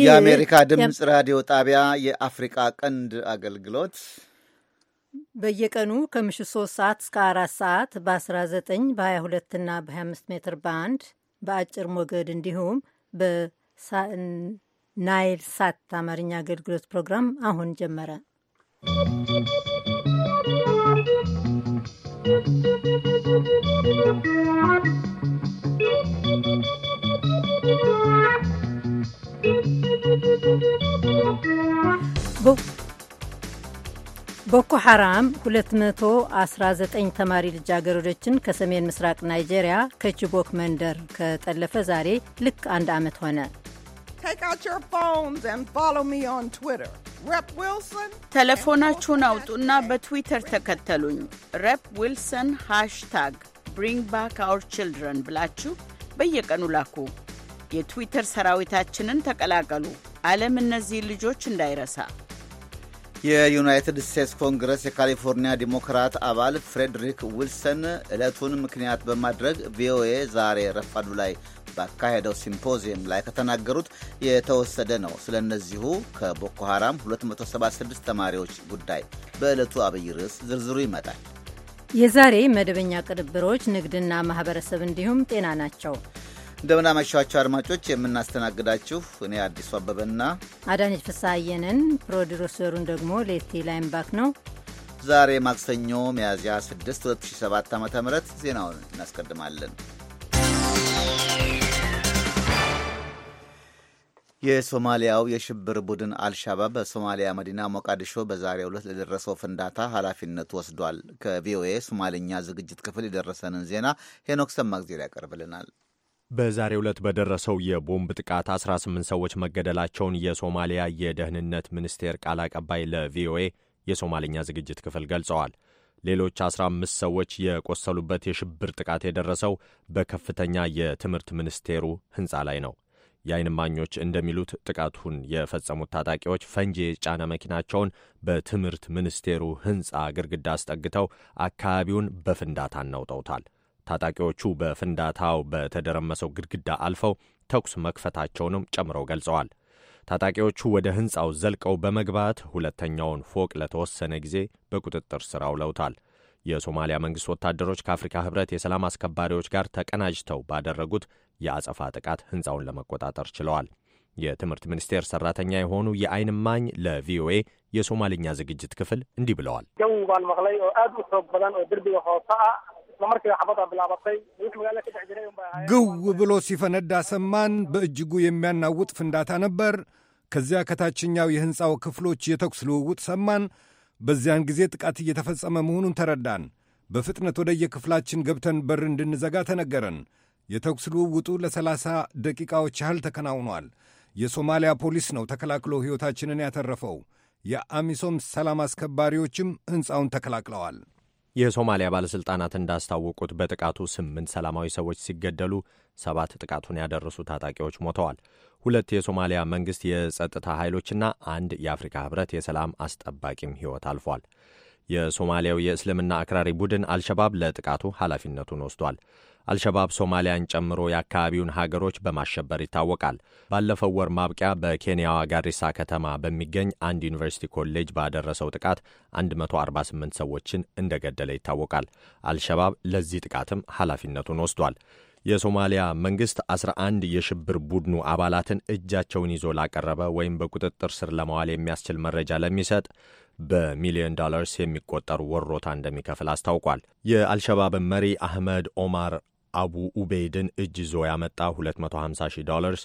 የአሜሪካ ድምፅ ራዲዮ ጣቢያ የአፍሪቃ ቀንድ አገልግሎት በየቀኑ ከምሽት 3 ሰዓት እስከ 4 ሰዓት በ19 በ22 እና በ25 ሜትር ባንድ በአጭር ሞገድ እንዲሁም በናይል ሳት አማርኛ አገልግሎት ፕሮግራም አሁን ጀመረ። ቦኮ ሐራም 219 ተማሪ ልጃገረዶችን ከሰሜን ምስራቅ ናይጄሪያ ከችቦክ መንደር ከጠለፈ ዛሬ ልክ አንድ ዓመት ሆነ። ቴሌፎናችሁን አውጡና በትዊተር ተከተሉኝ። ረፕ ዊልሰን ሃሽታግ ብሪንግ ባክ አውር ችልድረን ብላችሁ በየቀኑ ላኩ። የትዊተር ሰራዊታችንን ተቀላቀሉ። ዓለም እነዚህ ልጆች እንዳይረሳ። የዩናይትድ ስቴትስ ኮንግረስ የካሊፎርኒያ ዲሞክራት አባል ፍሬድሪክ ዊልሰን ዕለቱን ምክንያት በማድረግ ቪኦኤ ዛሬ ረፋዱ ላይ ባካሄደው ሲምፖዚየም ላይ ከተናገሩት የተወሰደ ነው። ስለ እነዚሁ ከቦኮ ሃራም 276 ተማሪዎች ጉዳይ በዕለቱ አብይ ርዕስ ዝርዝሩ ይመጣል። የዛሬ መደበኛ ቅንብሮች ንግድና ማህበረሰብ እንዲሁም ጤና ናቸው። እንደምናመሻቸው አድማጮች የምናስተናግዳችሁ እኔ አዲሱ አበበና አዳነች ፍስሐየንን ፕሮዲሮሰሩን ደግሞ ሌቲ ላይምባክ ነው። ዛሬ ማክሰኞ ሚያዝያ 6 2007 ዓ ም ዜናውን እናስቀድማለን። የሶማሊያው የሽብር ቡድን አልሻባብ በሶማሊያ መዲና ሞቃዲሾ በዛሬው ዕለት ለደረሰው ፍንዳታ ኃላፊነት ወስዷል። ከቪኦኤ ሶማልኛ ዝግጅት ክፍል የደረሰንን ዜና ሄኖክ ሰማግዜር ያቀርብልናል። በዛሬው ዕለት በደረሰው የቦምብ ጥቃት 18 ሰዎች መገደላቸውን የሶማሊያ የደህንነት ሚኒስቴር ቃል አቀባይ ለቪኦኤ የሶማልኛ ዝግጅት ክፍል ገልጸዋል። ሌሎች 15 ሰዎች የቆሰሉበት የሽብር ጥቃት የደረሰው በከፍተኛ የትምህርት ሚኒስቴሩ ህንፃ ላይ ነው። የአይን እማኞች እንደሚሉት ጥቃቱን የፈጸሙት ታጣቂዎች ፈንጂ የጫነ መኪናቸውን በትምህርት ሚኒስቴሩ ሕንፃ ግድግዳ አስጠግተው አካባቢውን በፍንዳታ አናውጠውታል። ታጣቂዎቹ በፍንዳታው በተደረመሰው ግድግዳ አልፈው ተኩስ መክፈታቸውንም ጨምረው ገልጸዋል። ታጣቂዎቹ ወደ ሕንፃው ዘልቀው በመግባት ሁለተኛውን ፎቅ ለተወሰነ ጊዜ በቁጥጥር ስር አውለውታል። የሶማሊያ መንግሥት ወታደሮች ከአፍሪካ ኅብረት የሰላም አስከባሪዎች ጋር ተቀናጅተው ባደረጉት የአጸፋ ጥቃት ሕንፃውን ለመቆጣጠር ችለዋል። የትምህርት ሚኒስቴር ሰራተኛ የሆኑ የአይን እማኝ ለቪኦኤ የሶማልኛ ዝግጅት ክፍል እንዲህ ብለዋል። ግው ብሎ ሲፈነዳ ሰማን። በእጅጉ የሚያናውጥ ፍንዳታ ነበር። ከዚያ ከታችኛው የሕንፃው ክፍሎች የተኩስ ልውውጥ ሰማን። በዚያን ጊዜ ጥቃት እየተፈጸመ መሆኑን ተረዳን። በፍጥነት ወደ የክፍላችን ገብተን በር እንድንዘጋ ተነገረን። የተኩስ ልውውጡ ለ30 ደቂቃዎች ያህል ተከናውኗል። የሶማሊያ ፖሊስ ነው ተከላክሎ ሕይወታችንን ያተረፈው። የአሚሶም ሰላም አስከባሪዎችም ሕንፃውን ተከላክለዋል። የሶማሊያ ባለሥልጣናት እንዳስታወቁት በጥቃቱ ስምንት ሰላማዊ ሰዎች ሲገደሉ ሰባት ጥቃቱን ያደረሱ ታጣቂዎች ሞተዋል። ሁለት የሶማሊያ መንግሥት የጸጥታ ኃይሎችና አንድ የአፍሪካ ኅብረት የሰላም አስጠባቂም ሕይወት አልፏል። የሶማሊያው የእስልምና አክራሪ ቡድን አልሸባብ ለጥቃቱ ኃላፊነቱን ወስዷል። አልሸባብ ሶማሊያን ጨምሮ የአካባቢውን ሀገሮች በማሸበር ይታወቃል። ባለፈው ወር ማብቂያ በኬንያዋ ጋሪሳ ከተማ በሚገኝ አንድ ዩኒቨርሲቲ ኮሌጅ ባደረሰው ጥቃት 148 ሰዎችን እንደገደለ ይታወቃል። አልሸባብ ለዚህ ጥቃትም ኃላፊነቱን ወስዷል። የሶማሊያ መንግስት 11 የሽብር ቡድኑ አባላትን እጃቸውን ይዞ ላቀረበ ወይም በቁጥጥር ስር ለማዋል የሚያስችል መረጃ ለሚሰጥ በሚሊዮን ዶላርስ የሚቆጠሩ ወሮታ እንደሚከፍል አስታውቋል። የአልሸባብን መሪ አህመድ ኦማር አቡ ኡበይድን እጅ ይዞ ያመጣ 250 ሺህ ዶላርስ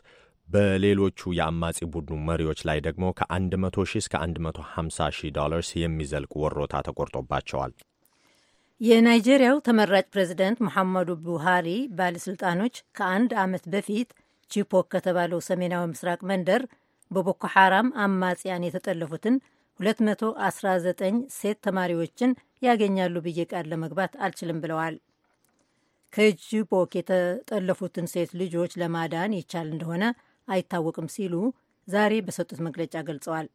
በሌሎቹ የአማጺ ቡድኑ መሪዎች ላይ ደግሞ ከ100 ሺህ እስከ 150 ሺህ ዶላርስ የሚዘልቅ ወሮታ ተቆርጦባቸዋል። የናይጄሪያው ተመራጭ ፕሬዚደንት መሐመዱ ቡሃሪ ባለሥልጣኖች ከአንድ ዓመት በፊት ቺፖክ ከተባለው ሰሜናዊ ምስራቅ መንደር በቦኮ ሐራም አማጽያን የተጠለፉትን 219 ሴት ተማሪዎችን ያገኛሉ ብዬ ቃል ለመግባት አልችልም ብለዋል። ከጅቦክ የተጠለፉትን ሴት ልጆች ለማዳን ይቻል እንደሆነ አይታወቅም ሲሉ ዛሬ በሰጡት መግለጫ ገልጸዋል።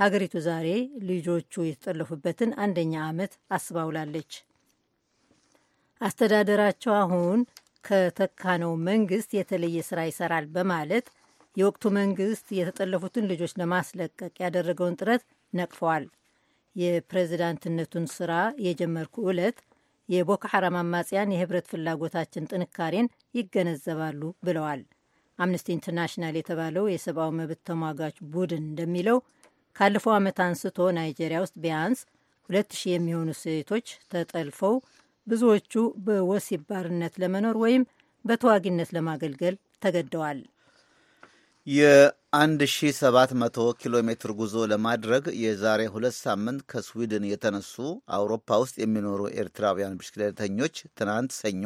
ሀገሪቱ ዛሬ ልጆቹ የተጠለፉበትን አንደኛ ዓመት አስባውላለች። አስተዳደራቸው አሁን ከተካነው መንግስት የተለየ ስራ ይሰራል በማለት የወቅቱ መንግስት የተጠለፉትን ልጆች ለማስለቀቅ ያደረገውን ጥረት ነቅፈዋል። የፕሬዝዳንትነቱን ስራ የጀመርኩ ዕለት የቦኮ ሐራም አማጽያን የህብረት ፍላጎታችን ጥንካሬን ይገነዘባሉ ብለዋል። አምነስቲ ኢንተርናሽናል የተባለው የሰብአዊ መብት ተሟጋች ቡድን እንደሚለው ካለፈው ዓመት አንስቶ ናይጄሪያ ውስጥ ቢያንስ ሁለት ሺህ የሚሆኑ ሴቶች ተጠልፈው ብዙዎቹ በወሲብ ባርነት ለመኖር ወይም በተዋጊነት ለማገልገል ተገደዋል። 1700 ኪሎ ሜትር ጉዞ ለማድረግ የዛሬ ሁለት ሳምንት ከስዊድን የተነሱ አውሮፓ ውስጥ የሚኖሩ ኤርትራውያን ብሽክሌተኞች ትናንት ሰኞ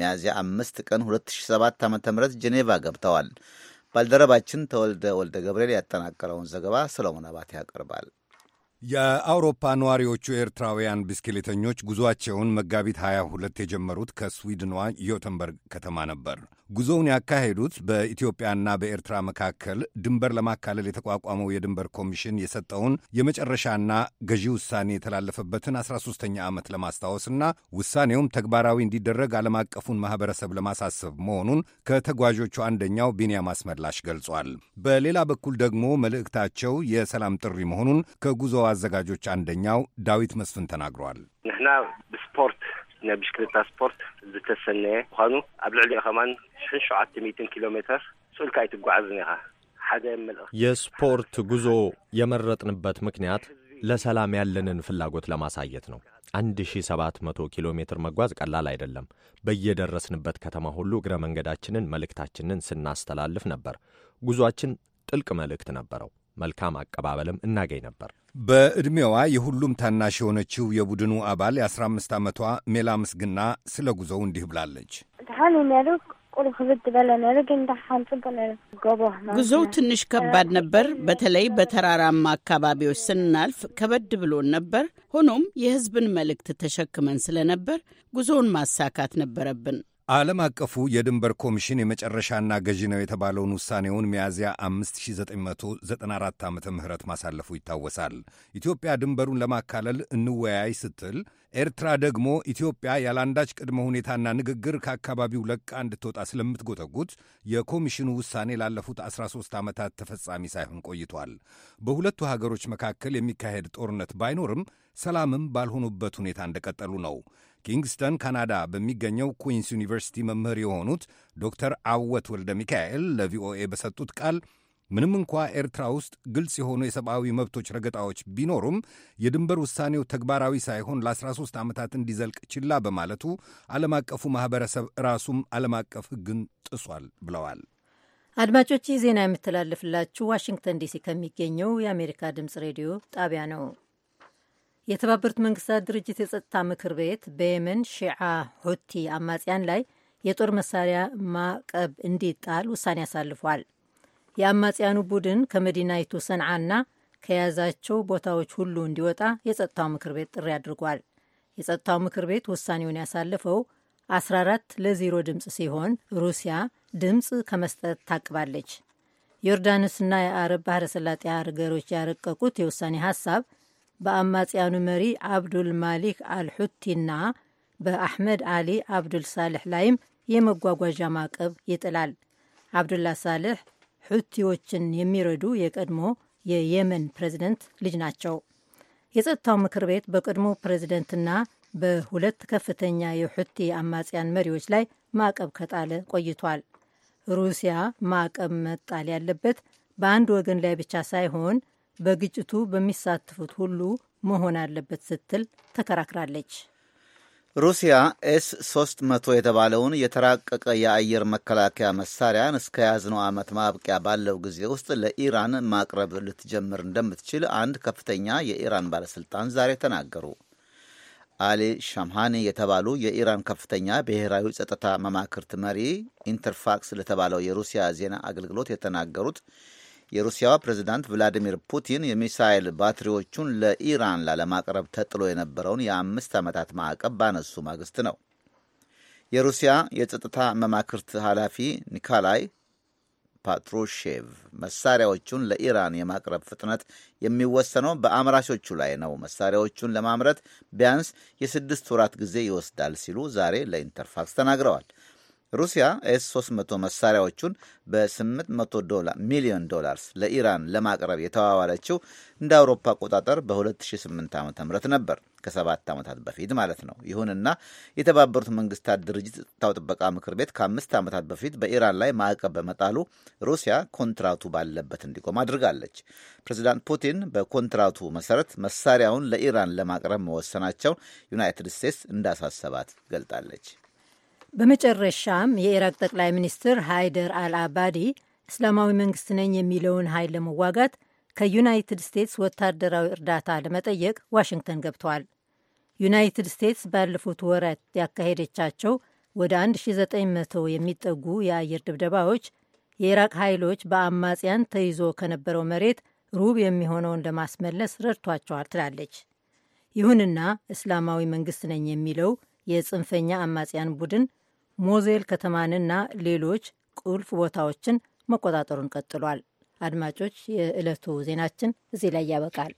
ሚያዝያ አምስት ቀን 2007 ዓ ም ጄኔቫ ገብተዋል። ባልደረባችን ተወልደ ወልደ ገብርኤል ያጠናቀረውን ዘገባ ሰለሞን አባቴ ያቀርባል። የአውሮፓ ነዋሪዎቹ ኤርትራውያን ብስክሌተኞች ጉዞአቸውን መጋቢት 22 የጀመሩት ከስዊድኗ ዮተንበርግ ከተማ ነበር። ጉዞውን ያካሄዱት በኢትዮጵያና በኤርትራ መካከል ድንበር ለማካለል የተቋቋመው የድንበር ኮሚሽን የሰጠውን የመጨረሻና ገዢ ውሳኔ የተላለፈበትን 13ኛ ዓመት ለማስታወስና ውሳኔውም ተግባራዊ እንዲደረግ ዓለም አቀፉን ማኅበረሰብ ለማሳሰብ መሆኑን ከተጓዦቹ አንደኛው ቢንያም አስመላሽ ገልጿል። በሌላ በኩል ደግሞ መልእክታቸው የሰላም ጥሪ መሆኑን ከጉዞ አዘጋጆች አንደኛው ዳዊት መስፍን ተናግረዋል። ንሕና ብስፖርት ናይ ብሽክሌታ ስፖርት ዝተሰነየ ምኳኑ ኣብ ልዕሊኡ ኸማን ሽሕን ሸውዓተ ሚእትን ኪሎ ሜትር ስኡልካ ኣይትጓዓዝን ኢኻ ሓደ መልእኽቲ የስፖርት ጉዞ የመረጥንበት ምክንያት ለሰላም ያለንን ፍላጎት ለማሳየት ነው። 1700 ኪሎ ሜትር መጓዝ ቀላል አይደለም። በየደረስንበት ከተማ ሁሉ እግረ መንገዳችንን መልእክታችንን ስናስተላልፍ ነበር። ጉዟችን ጥልቅ መልእክት ነበረው። መልካም አቀባበልም እናገኝ ነበር። በዕድሜዋ የሁሉም ታናሽ የሆነችው የቡድኑ አባል የ15 ዓመቷ ሜላ ምስግና ስለ ጉዞው እንዲህ ብላለች። ጉዞው ትንሽ ከባድ ነበር። በተለይ በተራራማ አካባቢዎች ስናልፍ ከበድ ብሎን ነበር። ሆኖም የሕዝብን መልእክት ተሸክመን ስለነበር ጉዞውን ማሳካት ነበረብን። ዓለም አቀፉ የድንበር ኮሚሽን የመጨረሻና ገዢ ነው የተባለውን ውሳኔውን ሚያዝያ 5994 ዓመተ ምህረት ማሳለፉ ይታወሳል። ኢትዮጵያ ድንበሩን ለማካለል እንወያይ ስትል፣ ኤርትራ ደግሞ ኢትዮጵያ ያለአንዳች ቅድመ ሁኔታና ንግግር ከአካባቢው ለቃ እንድትወጣ ስለምትጎተጉት የኮሚሽኑ ውሳኔ ላለፉት 13 ዓመታት ተፈጻሚ ሳይሆን ቆይቷል። በሁለቱ ሀገሮች መካከል የሚካሄድ ጦርነት ባይኖርም ሰላምም ባልሆኑበት ሁኔታ እንደቀጠሉ ነው። ኪንግስተን ካናዳ በሚገኘው ኩዊንስ ዩኒቨርሲቲ መምህር የሆኑት ዶክተር አወት ወልደ ሚካኤል ለቪኦኤ በሰጡት ቃል ምንም እንኳ ኤርትራ ውስጥ ግልጽ የሆኑ የሰብአዊ መብቶች ረገጣዎች ቢኖሩም የድንበር ውሳኔው ተግባራዊ ሳይሆን ለ13 ዓመታት እንዲዘልቅ ችላ በማለቱ ዓለም አቀፉ ማኅበረሰብ ራሱም ዓለም አቀፍ ሕግን ጥሷል ብለዋል። አድማጮች ይህ ዜና የምተላለፍላችሁ ዋሽንግተን ዲሲ ከሚገኘው የአሜሪካ ድምፅ ሬዲዮ ጣቢያ ነው። የተባበሩት መንግስታት ድርጅት የጸጥታ ምክር ቤት በየመን ሺዓ ሁቲ አማጽያን ላይ የጦር መሳሪያ ማዕቀብ እንዲጣል ውሳኔ አሳልፏል። የአማጽያኑ ቡድን ከመዲናይቱ ሰንዓና ከያዛቸው ቦታዎች ሁሉ እንዲወጣ የጸጥታው ምክር ቤት ጥሪ አድርጓል። የጸጥታው ምክር ቤት ውሳኔውን ያሳለፈው 14 ለዜሮ ድምፅ ሲሆን ሩሲያ ድምፅ ከመስጠት ታቅባለች። ዮርዳኖስና የአረብ ባህረ ሰላጤ ሀገሮች ያረቀቁት የውሳኔ ሀሳብ በአማጽያኑ መሪ አብዱል ማሊክ አልሑቲና በአሕመድ አሊ አብዱል ሳልሕ ላይም የመጓጓዣ ማዕቀብ ይጥላል። አብዱላ ሳልሕ ሑቲዎችን የሚረዱ የቀድሞ የየመን ፕሬዚደንት ልጅ ናቸው። የጸጥታው ምክር ቤት በቀድሞ ፕሬዚደንትና በሁለት ከፍተኛ የሑቲ አማጽያን መሪዎች ላይ ማዕቀብ ከጣለ ቆይቷል። ሩሲያ ማዕቀብ መጣል ያለበት በአንድ ወገን ላይ ብቻ ሳይሆን በግጭቱ በሚሳተፉት ሁሉ መሆን አለበት ስትል ተከራክራለች። ሩሲያ ኤስ 300 የተባለውን የተራቀቀ የአየር መከላከያ መሳሪያን እስከ ያዝነው ዓመት ማብቂያ ባለው ጊዜ ውስጥ ለኢራን ማቅረብ ልትጀምር እንደምትችል አንድ ከፍተኛ የኢራን ባለሥልጣን ዛሬ ተናገሩ። አሊ ሻምሃኒ የተባሉ የኢራን ከፍተኛ ብሔራዊ ጸጥታ መማክርት መሪ ኢንተርፋክስ ለተባለው የሩሲያ ዜና አገልግሎት የተናገሩት የሩሲያዋ ፕሬዚዳንት ቭላዲሚር ፑቲን የሚሳይል ባትሪዎቹን ለኢራን ላለማቅረብ ተጥሎ የነበረውን የአምስት ዓመታት ማዕቀብ ባነሱ ማግስት ነው። የሩሲያ የጸጥታ መማክርት ኃላፊ ኒካላይ ፓትሮሼቭ መሳሪያዎቹን ለኢራን የማቅረብ ፍጥነት የሚወሰነው በአምራቾቹ ላይ ነው፣ መሳሪያዎቹን ለማምረት ቢያንስ የስድስት ወራት ጊዜ ይወስዳል ሲሉ ዛሬ ለኢንተርፋክስ ተናግረዋል። ሩሲያ ኤስ 300 መሳሪያዎቹን በ800 ሚሊዮን ዶላርስ ለኢራን ለማቅረብ የተዋዋለችው እንደ አውሮፓ አቆጣጠር በ2008 ዓ ም ነበር ከሰባት ዓመታት በፊት ማለት ነው። ይሁንና የተባበሩት መንግስታት ድርጅት ጸጥታው ጥበቃ ምክር ቤት ከአምስት ዓመታት በፊት በኢራን ላይ ማዕቀብ በመጣሉ ሩሲያ ኮንትራቱ ባለበት እንዲቆም አድርጋለች። ፕሬዚዳንት ፑቲን በኮንትራቱ መሰረት መሳሪያውን ለኢራን ለማቅረብ መወሰናቸው ዩናይትድ ስቴትስ እንዳሳሰባት ገልጣለች። በመጨረሻም የኢራቅ ጠቅላይ ሚኒስትር ሃይደር አልአባዲ እስላማዊ መንግስት ነኝ የሚለውን ኃይል ለመዋጋት ከዩናይትድ ስቴትስ ወታደራዊ እርዳታ ለመጠየቅ ዋሽንግተን ገብተዋል። ዩናይትድ ስቴትስ ባለፉት ወራት ያካሄደቻቸው ወደ 1900 የሚጠጉ የአየር ድብደባዎች የኢራቅ ኃይሎች በአማጽያን ተይዞ ከነበረው መሬት ሩብ የሚሆነውን ለማስመለስ ረድቷቸዋል ትላለች። ይሁንና እስላማዊ መንግስት ነኝ የሚለው የጽንፈኛ አማጽያን ቡድን ሞዜል ከተማንና ሌሎች ቁልፍ ቦታዎችን መቆጣጠሩን ቀጥሏል። አድማጮች፣ የዕለቱ ዜናችን እዚህ ላይ ያበቃል።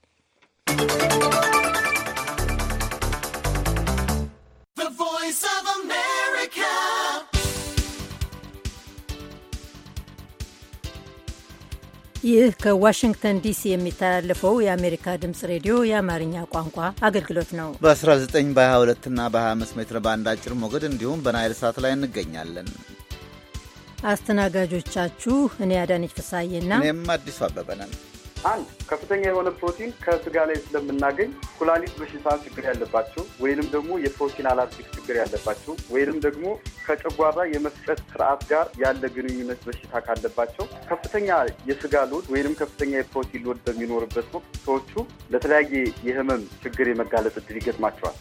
ይህ ከዋሽንግተን ዲሲ የሚተላለፈው የአሜሪካ ድምፅ ሬዲዮ የአማርኛ ቋንቋ አገልግሎት ነው። በ19 በ22 እና በ25 ሜትር ባንድ አጭር ሞገድ እንዲሁም በናይል ሳት ላይ እንገኛለን። አስተናጋጆቻችሁ እኔ አዳነች ፍሳዬና እኔም አዲሱ አበበ ነን። አንድ ከፍተኛ የሆነ ፕሮቲን ከስጋ ላይ ስለምናገኝ ኩላሊት በሽታ ችግር ያለባቸው ወይንም ደግሞ የፕሮቲን አላርጂክ ችግር ያለባቸው ወይንም ደግሞ ከጨጓራ የመፍጨት ስርዓት ጋር ያለ ግንኙነት በሽታ ካለባቸው ከፍተኛ የስጋ ሎድ ወይንም ከፍተኛ የፕሮቲን ሎድ በሚኖርበት ወቅት ሰዎቹ ለተለያየ የህመም ችግር የመጋለጥ እድል ይገጥማቸዋል።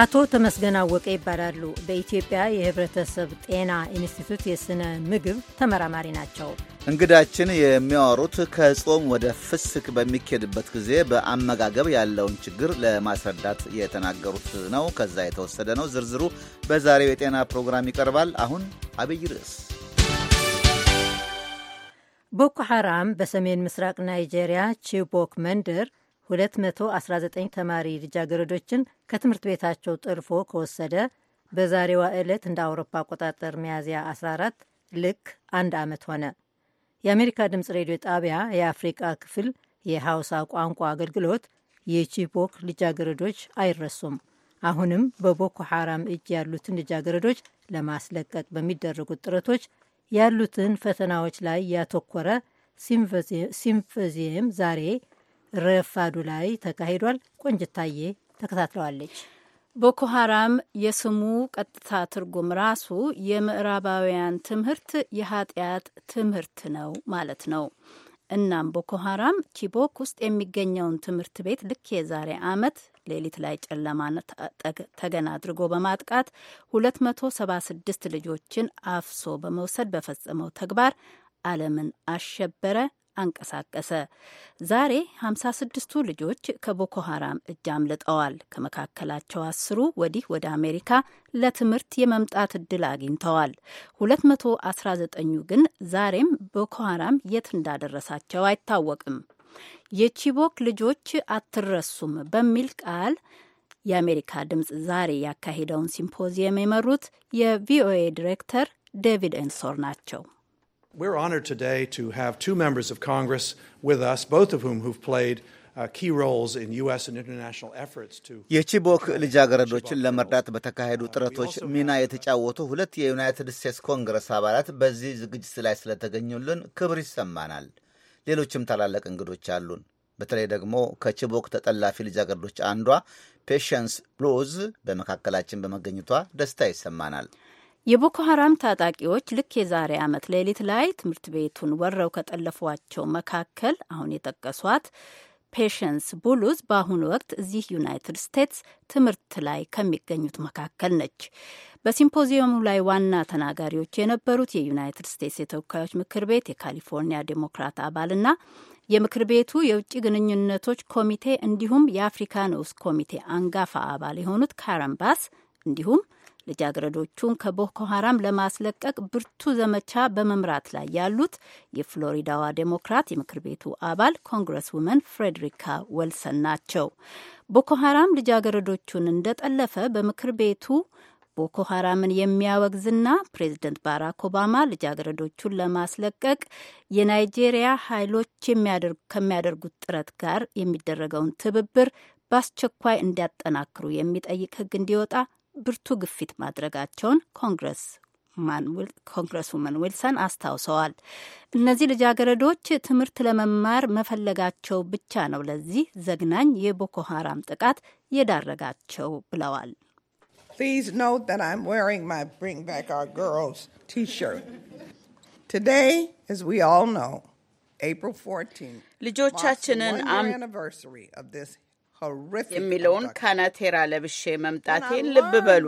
አቶ ተመስገን አወቀ ይባላሉ። በኢትዮጵያ የሕብረተሰብ ጤና ኢንስቲትዩት የሥነ ምግብ ተመራማሪ ናቸው። እንግዳችን የሚያወሩት ከጾም ወደ ፍስክ በሚኬድበት ጊዜ በአመጋገብ ያለውን ችግር ለማስረዳት የተናገሩት ነው። ከዛ የተወሰደ ነው። ዝርዝሩ በዛሬው የጤና ፕሮግራም ይቀርባል። አሁን አብይ ርዕስ ቦኮ ሐራም በሰሜን ምስራቅ ናይጄሪያ ቺቦክ መንደር 219 ተማሪ ልጃገረዶችን ከትምህርት ቤታቸው ጠልፎ ከወሰደ በዛሬዋ ዕለት እንደ አውሮፓ አቆጣጠር ሚያዝያ 14 ልክ አንድ ዓመት ሆነ። የአሜሪካ ድምፅ ሬዲዮ ጣቢያ የአፍሪቃ ክፍል የሐውሳ ቋንቋ አገልግሎት የቺቦክ ልጃገረዶች አይረሱም፣ አሁንም በቦኮ ሐራም እጅ ያሉትን ልጃገረዶች ለማስለቀቅ በሚደረጉት ጥረቶች ያሉትን ፈተናዎች ላይ ያተኮረ ሲምፖዚየም ዛሬ ረፋዱ ላይ ተካሂዷል። ቆንጅታዬ ተከታትለዋለች። ቦኮ ሀራም የስሙ ቀጥታ ትርጉም ራሱ የምዕራባውያን ትምህርት የኃጢአት ትምህርት ነው ማለት ነው። እናም ቦኮ ሀራም ቺቦክ ውስጥ የሚገኘውን ትምህርት ቤት ልክ የዛሬ ዓመት ሌሊት ላይ ጨለማ ተገና አድርጎ በማጥቃት 276 ልጆችን አፍሶ በመውሰድ በፈጸመው ተግባር ዓለምን አሸበረ፣ አንቀሳቀሰ። ዛሬ 56ቱ ልጆች ከቦኮ ሀራም እጅ አምልጠዋል። ከመካከላቸው አስሩ ወዲህ ወደ አሜሪካ ለትምህርት የመምጣት እድል አግኝተዋል። 219ኙ ግን ዛሬም ቦኮ ሀራም የት እንዳደረሳቸው አይታወቅም። የቺቦክ ልጆች አትረሱም በሚል ቃል የአሜሪካ ድምፅ ዛሬ ያካሄደውን ሲምፖዚየም የመሩት የቪኦኤ ዲሬክተር ዴቪድ ኤንሶር ናቸው። We're honored today to have two members of Congress with us, both of whom who've played uh, የቺቦክ ልጃገረዶችን ለመርዳት በተካሄዱ uh, ጥረቶች ሚና uh, የተጫወቱ ሁለት የዩናይትድ ስቴትስ ኮንግረስ አባላት በዚህ ዝግጅት ላይ ስለተገኙልን ክብር ይሰማናል። ሌሎችም ታላላቅ እንግዶች አሉን። በተለይ ደግሞ ከችቦክ ተጠላፊ ልጃገረዶች አንዷ ፔሽንስ ሮዝ በመካከላችን በመገኘቷ ደስታ ይሰማናል። የቦኮ ሀራም ታጣቂዎች ልክ የዛሬ ዓመት ሌሊት ላይ ትምህርት ቤቱን ወረው ከጠለፏቸው መካከል አሁን የጠቀሷት ፔሽንስ ቡሉዝ በአሁኑ ወቅት እዚህ ዩናይትድ ስቴትስ ትምህርት ላይ ከሚገኙት መካከል ነች። በሲምፖዚየሙ ላይ ዋና ተናጋሪዎች የነበሩት የዩናይትድ ስቴትስ የተወካዮች ምክር ቤት የካሊፎርኒያ ዴሞክራት አባልና የምክር ቤቱ የውጭ ግንኙነቶች ኮሚቴ እንዲሁም የአፍሪካ ንዑስ ኮሚቴ አንጋፋ አባል የሆኑት ካረን ባስ እንዲሁም ልጃገረዶቹን ከቦኮ ሀራም ለማስለቀቅ ብርቱ ዘመቻ በመምራት ላይ ያሉት የፍሎሪዳዋ ዴሞክራት የምክር ቤቱ አባል ኮንግረስ ውመን ፍሬድሪካ ወልሰን ናቸው። ቦኮ ሀራም ልጃገረዶቹን እንደጠለፈ በምክር ቤቱ ቦኮ ሀራምን የሚያወግዝና ፕሬዚደንት ባራክ ኦባማ ልጃገረዶቹን ለማስለቀቅ የናይጄሪያ ኃይሎች ከሚያደርጉት ጥረት ጋር የሚደረገውን ትብብር በአስቸኳይ እንዲያጠናክሩ የሚጠይቅ ሕግ እንዲወጣ ብርቱ ግፊት ማድረጋቸውን ኮንግረስ ኮንግረስውመን ዊልሰን አስታውሰዋል። እነዚህ ልጃገረዶች ትምህርት ለመማር መፈለጋቸው ብቻ ነው ለዚህ ዘግናኝ የቦኮ ሀራም ጥቃት የዳረጋቸው ብለዋል። Please note that I'm wearing my Bring Back ልጆቻችንን የሚለውን ካናቴራ ለብሼ መምጣቴን ልብ በሉ።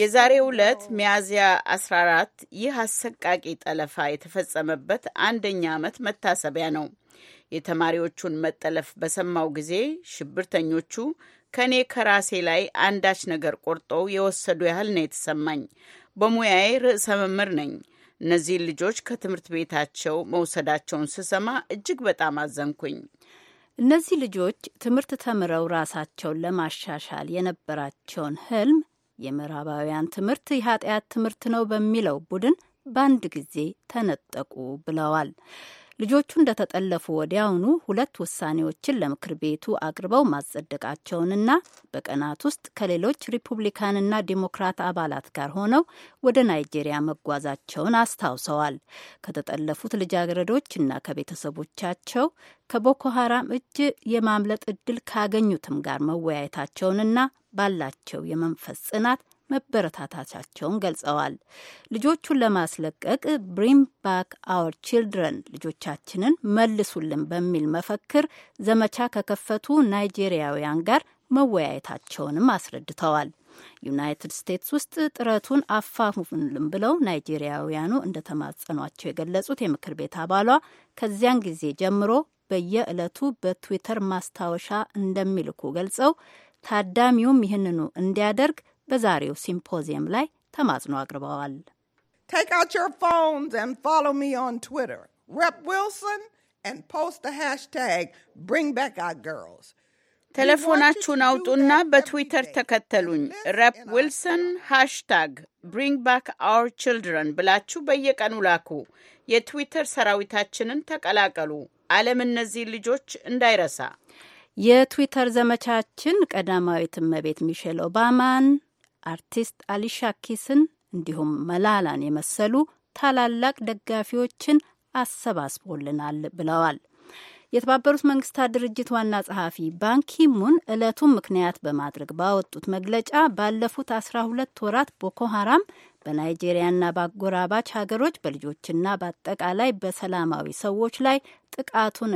የዛሬ ዕለት ሚያዝያ 14 ይህ አሰቃቂ ጠለፋ የተፈጸመበት አንደኛ ዓመት መታሰቢያ ነው። የተማሪዎቹን መጠለፍ በሰማው ጊዜ ሽብርተኞቹ ከእኔ ከራሴ ላይ አንዳች ነገር ቆርጠው የወሰዱ ያህል ነው የተሰማኝ። በሙያዬ ርዕሰ መምህር ነኝ። እነዚህን ልጆች ከትምህርት ቤታቸው መውሰዳቸውን ስሰማ እጅግ በጣም አዘንኩኝ። እነዚህ ልጆች ትምህርት ተምረው ራሳቸውን ለማሻሻል የነበራቸውን ህልም የምዕራባውያን ትምህርት የኃጢአት ትምህርት ነው በሚለው ቡድን በአንድ ጊዜ ተነጠቁ ብለዋል። ልጆቹ እንደተጠለፉ ወዲያውኑ ሁለት ውሳኔዎችን ለምክር ቤቱ አቅርበው ማጸደቃቸውንና በቀናት ውስጥ ከሌሎች ሪፑብሊካንና ዲሞክራት አባላት ጋር ሆነው ወደ ናይጄሪያ መጓዛቸውን አስታውሰዋል። ከተጠለፉት ልጃገረዶች እና ከቤተሰቦቻቸው ከቦኮ ሀራም እጅ የማምለጥ እድል ካገኙትም ጋር መወያየታቸውንና ባላቸው የመንፈስ ጽናት መበረታታቻቸውን ገልጸዋል። ልጆቹን ለማስለቀቅ ብሪንግ ባክ አወር ቺልድረን ልጆቻችንን መልሱልን በሚል መፈክር ዘመቻ ከከፈቱ ናይጄሪያውያን ጋር መወያየታቸውንም አስረድተዋል። ዩናይትድ ስቴትስ ውስጥ ጥረቱን አፋፉልን ብለው ናይጄሪያውያኑ እንደተማጸኗቸው የገለጹት የምክር ቤት አባሏ ከዚያን ጊዜ ጀምሮ በየዕለቱ በትዊተር ማስታወሻ እንደሚልኩ ገልጸው ታዳሚውም ይህንኑ እንዲያደርግ በዛሬው ሲምፖዚየም ላይ ተማጽኖ አቅርበዋል። Take out your phones and follow me on Twitter, Rep Wilson, and post the hashtag Bring Back Our Girls. ቴሌፎናችሁን አውጡና በትዊተር ተከተሉኝ። ረፕ ዊልሰን ሃሽታግ ብሪንግ ባክ አወር ችልድረን ብላችሁ በየቀኑ ላኩ። የትዊተር ሰራዊታችንን ተቀላቀሉ። ዓለም እነዚህ ልጆች እንዳይረሳ። የትዊተር ዘመቻችን ቀዳማዊት እመቤት ሚሼል ኦባማን አርቲስት አሊሻ ኪስን እንዲሁም መላላን የመሰሉ ታላላቅ ደጋፊዎችን አሰባስቦልናል ብለዋል። የተባበሩት መንግስታት ድርጅት ዋና ጸሐፊ ባንኪሙን ዕለቱን ምክንያት በማድረግ ባወጡት መግለጫ ባለፉት አስራ ሁለት ወራት ቦኮ ሀራም በናይጄሪያና በአጎራባች ሀገሮች በልጆችና በአጠቃላይ በሰላማዊ ሰዎች ላይ ጥቃቱን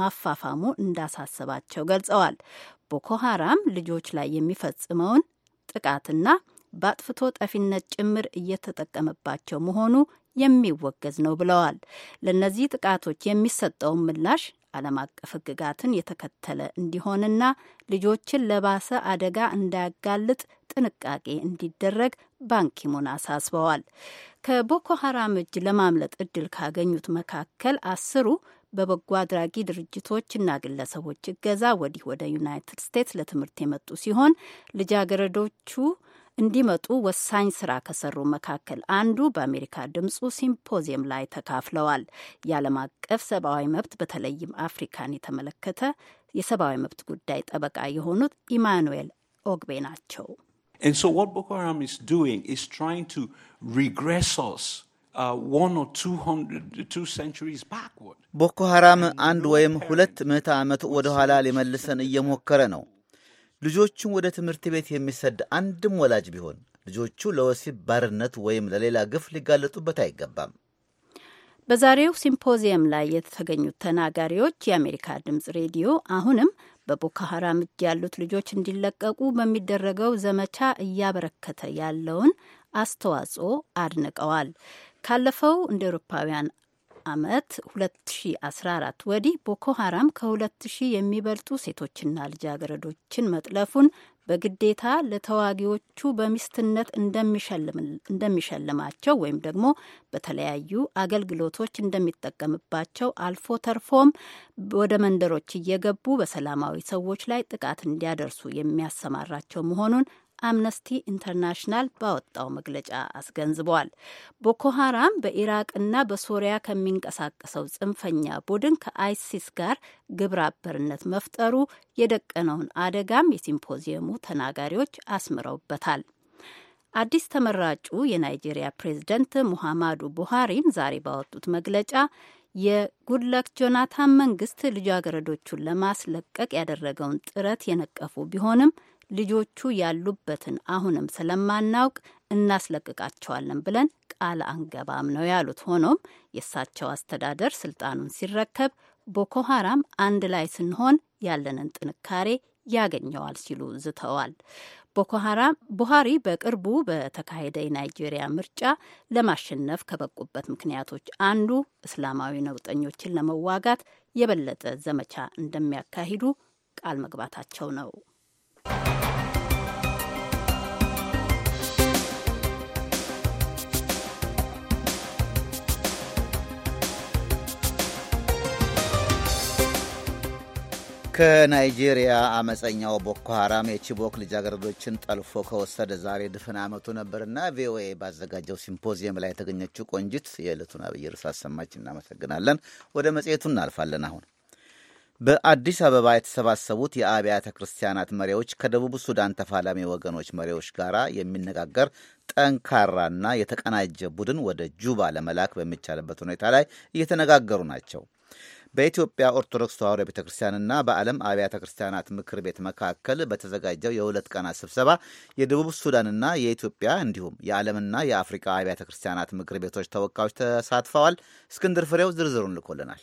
ማፋፋሙ እንዳሳሰባቸው ገልጸዋል። ቦኮ ሀራም ልጆች ላይ የሚፈጽመውን ጥቃትና በአጥፍቶ ጠፊነት ጭምር እየተጠቀመባቸው መሆኑ የሚወገዝ ነው ብለዋል። ለእነዚህ ጥቃቶች የሚሰጠውን ምላሽ ዓለም አቀፍ ሕግጋትን የተከተለ እንዲሆንና ልጆችን ለባሰ አደጋ እንዳያጋልጥ ጥንቃቄ እንዲደረግ ባንኪሙን አሳስበዋል። ከቦኮ ሀራም እጅ ለማምለጥ እድል ካገኙት መካከል አስሩ በበጎ አድራጊ ድርጅቶችና ግለሰቦች እገዛ ወዲህ ወደ ዩናይትድ ስቴትስ ለትምህርት የመጡ ሲሆን ልጃገረዶቹ እንዲመጡ ወሳኝ ስራ ከሰሩ መካከል አንዱ በአሜሪካ ድምፁ ሲምፖዚየም ላይ ተካፍለዋል። የዓለም አቀፍ ሰብአዊ መብት በተለይም አፍሪካን የተመለከተ የሰብአዊ መብት ጉዳይ ጠበቃ የሆኑት ኢማኑኤል ኦግቤ ናቸው። And so what Boko Haram is doing is trying to regress us Uh, ቦኮ ሐራም አንድ ወይም ሁለት ምዕተ ዓመት ወደ ኋላ ሊመልሰን እየሞከረ ነው። ልጆቹን ወደ ትምህርት ቤት የሚሰድ አንድም ወላጅ ቢሆን ልጆቹ ለወሲብ ባርነት ወይም ለሌላ ግፍ ሊጋለጡበት አይገባም። በዛሬው ሲምፖዚየም ላይ የተገኙት ተናጋሪዎች የአሜሪካ ድምፅ ሬዲዮ አሁንም በቦኮ ሐራም እጅ ያሉት ልጆች እንዲለቀቁ በሚደረገው ዘመቻ እያበረከተ ያለውን አስተዋጽኦ አድንቀዋል። ካለፈው እንደ ኤሮፓውያን ዓመት 2014 ወዲህ ቦኮ ሀራም ከ2000 የሚበልጡ ሴቶችና ልጃገረዶችን መጥለፉን በግዴታ ለተዋጊዎቹ በሚስትነት እንደሚሸልማቸው ወይም ደግሞ በተለያዩ አገልግሎቶች እንደሚጠቀምባቸው አልፎ ተርፎም ወደ መንደሮች እየገቡ በሰላማዊ ሰዎች ላይ ጥቃት እንዲያደርሱ የሚያሰማራቸው መሆኑን አምነስቲ ኢንተርናሽናል ባወጣው መግለጫ አስገንዝቧል። ቦኮ ሀራም በኢራቅና በሶሪያ ከሚንቀሳቀሰው ጽንፈኛ ቡድን ከአይሲስ ጋር ግብረ አበርነት መፍጠሩ የደቀነውን አደጋም የሲምፖዚየሙ ተናጋሪዎች አስምረውበታል። አዲስ ተመራጩ የናይጄሪያ ፕሬዝደንት ሙሐማዱ ቡሃሪም ዛሬ ባወጡት መግለጫ የጉድለክ ጆናታን መንግስት ልጃገረዶቹን ለማስለቀቅ ያደረገውን ጥረት የነቀፉ ቢሆንም ልጆቹ ያሉበትን አሁንም ስለማናውቅ እናስለቅቃቸዋለን ብለን ቃል አንገባም ነው ያሉት። ሆኖም የእሳቸው አስተዳደር ስልጣኑን ሲረከብ ቦኮ ሀራም አንድ ላይ ስንሆን ያለንን ጥንካሬ ያገኘዋል ሲሉ ዝተዋል። ቦኮ ሀራም ቡሃሪ በቅርቡ በተካሄደ የናይጄሪያ ምርጫ ለማሸነፍ ከበቁበት ምክንያቶች አንዱ እስላማዊ ነውጠኞችን ለመዋጋት የበለጠ ዘመቻ እንደሚያካሂዱ ቃል መግባታቸው ነው። ከናይጄሪያ አመፀኛው ቦኮ ሀራም የቺቦክ ልጃገረዶችን ጠልፎ ከወሰደ ዛሬ ድፍን ዓመቱ ነበርና ቪኦኤ ባዘጋጀው ሲምፖዚየም ላይ የተገኘችው ቆንጅት የዕለቱን አብይ ርዕስ አሰማች። እናመሰግናለን። ወደ መጽሔቱ እናልፋለን። አሁን በአዲስ አበባ የተሰባሰቡት የአብያተ ክርስቲያናት መሪዎች ከደቡብ ሱዳን ተፋላሚ ወገኖች መሪዎች ጋር የሚነጋገር ጠንካራና የተቀናጀ ቡድን ወደ ጁባ ለመላክ በሚቻልበት ሁኔታ ላይ እየተነጋገሩ ናቸው። በኢትዮጵያ ኦርቶዶክስ ተዋሕዶ ቤተ ክርስቲያንና በዓለም አብያተ ክርስቲያናት ምክር ቤት መካከል በተዘጋጀው የሁለት ቀናት ስብሰባ የደቡብ ሱዳንና የኢትዮጵያ እንዲሁም የዓለምና የአፍሪካ አብያተ ክርስቲያናት ምክር ቤቶች ተወካዮች ተሳትፈዋል። እስክንድር ፍሬው ዝርዝሩን ልኮልናል።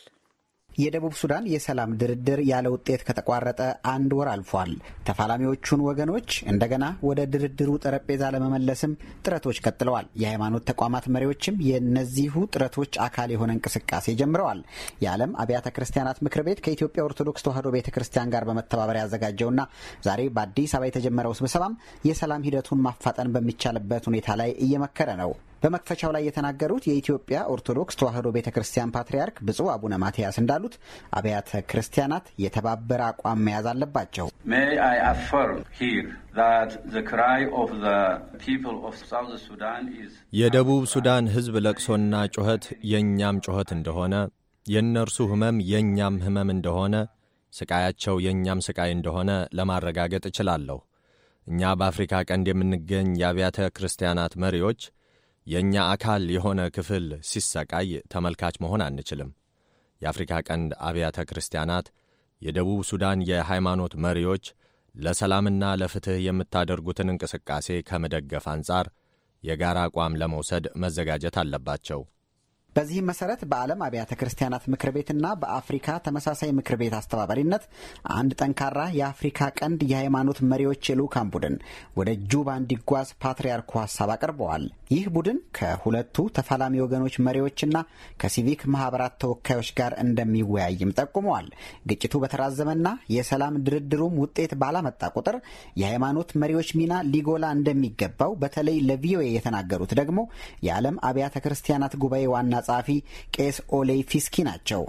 የደቡብ ሱዳን የሰላም ድርድር ያለ ውጤት ከተቋረጠ አንድ ወር አልፏል። ተፋላሚዎቹን ወገኖች እንደገና ወደ ድርድሩ ጠረጴዛ ለመመለስም ጥረቶች ቀጥለዋል። የሃይማኖት ተቋማት መሪዎችም የእነዚሁ ጥረቶች አካል የሆነ እንቅስቃሴ ጀምረዋል። የዓለም አብያተ ክርስቲያናት ምክር ቤት ከኢትዮጵያ ኦርቶዶክስ ተዋሕዶ ቤተ ክርስቲያን ጋር በመተባበር ያዘጋጀውና ዛሬ በአዲስ አበባ የተጀመረው ስብሰባም የሰላም ሂደቱን ማፋጠን በሚቻልበት ሁኔታ ላይ እየመከረ ነው። በመክፈቻው ላይ የተናገሩት የኢትዮጵያ ኦርቶዶክስ ተዋሕዶ ቤተ ክርስቲያን ፓትርያርክ ብፁዕ አቡነ ማትያስ እንዳሉት አብያተ ክርስቲያናት የተባበረ አቋም መያዝ አለባቸው። የደቡብ ሱዳን ሕዝብ ለቅሶና ጩኸት የእኛም ጩኸት እንደሆነ፣ የእነርሱ ሕመም የእኛም ሕመም እንደሆነ፣ ስቃያቸው የእኛም ስቃይ እንደሆነ ለማረጋገጥ እችላለሁ። እኛ በአፍሪካ ቀንድ የምንገኝ የአብያተ ክርስቲያናት መሪዎች የእኛ አካል የሆነ ክፍል ሲሰቃይ ተመልካች መሆን አንችልም። የአፍሪካ ቀንድ አብያተ ክርስቲያናት፣ የደቡብ ሱዳን የሃይማኖት መሪዎች ለሰላምና ለፍትሕ የምታደርጉትን እንቅስቃሴ ከመደገፍ አንጻር የጋራ አቋም ለመውሰድ መዘጋጀት አለባቸው። በዚህም መሰረት በዓለም አብያተ ክርስቲያናት ምክር ቤትና በአፍሪካ ተመሳሳይ ምክር ቤት አስተባባሪነት አንድ ጠንካራ የአፍሪካ ቀንድ የሃይማኖት መሪዎች የልዑካን ቡድን ወደ ጁባ እንዲጓዝ ፓትርያርኩ ሀሳብ አቅርበዋል። ይህ ቡድን ከሁለቱ ተፋላሚ ወገኖች መሪዎችና ከሲቪክ ማህበራት ተወካዮች ጋር እንደሚወያይም ጠቁመዋል። ግጭቱ በተራዘመና የሰላም ድርድሩም ውጤት ባላመጣ ቁጥር የሃይማኖት መሪዎች ሚና ሊጎላ እንደሚገባው በተለይ ለቪኦኤ የተናገሩት ደግሞ የዓለም አብያተ ክርስቲያናት ጉባኤ ዋና ጸሐፊ ቄስ ኦሌይ ፊስኪ ናቸው።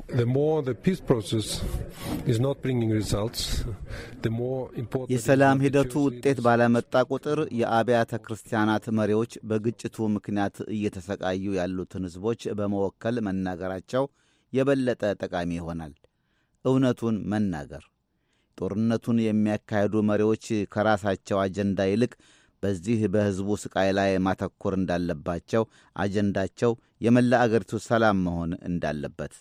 የሰላም ሂደቱ ውጤት ባለመጣ ቁጥር የአብያተ ክርስቲያናት መሪዎች በግጭቱ ምክንያት እየተሰቃዩ ያሉትን ሕዝቦች በመወከል መናገራቸው የበለጠ ጠቃሚ ይሆናል። እውነቱን መናገር ጦርነቱን የሚያካሂዱ መሪዎች ከራሳቸው አጀንዳ ይልቅ በዚህ በሕዝቡ ሥቃይ ላይ ማተኮር እንዳለባቸው፣ አጀንዳቸው የመላ አገሪቱ ሰላም መሆን እንዳለበት፣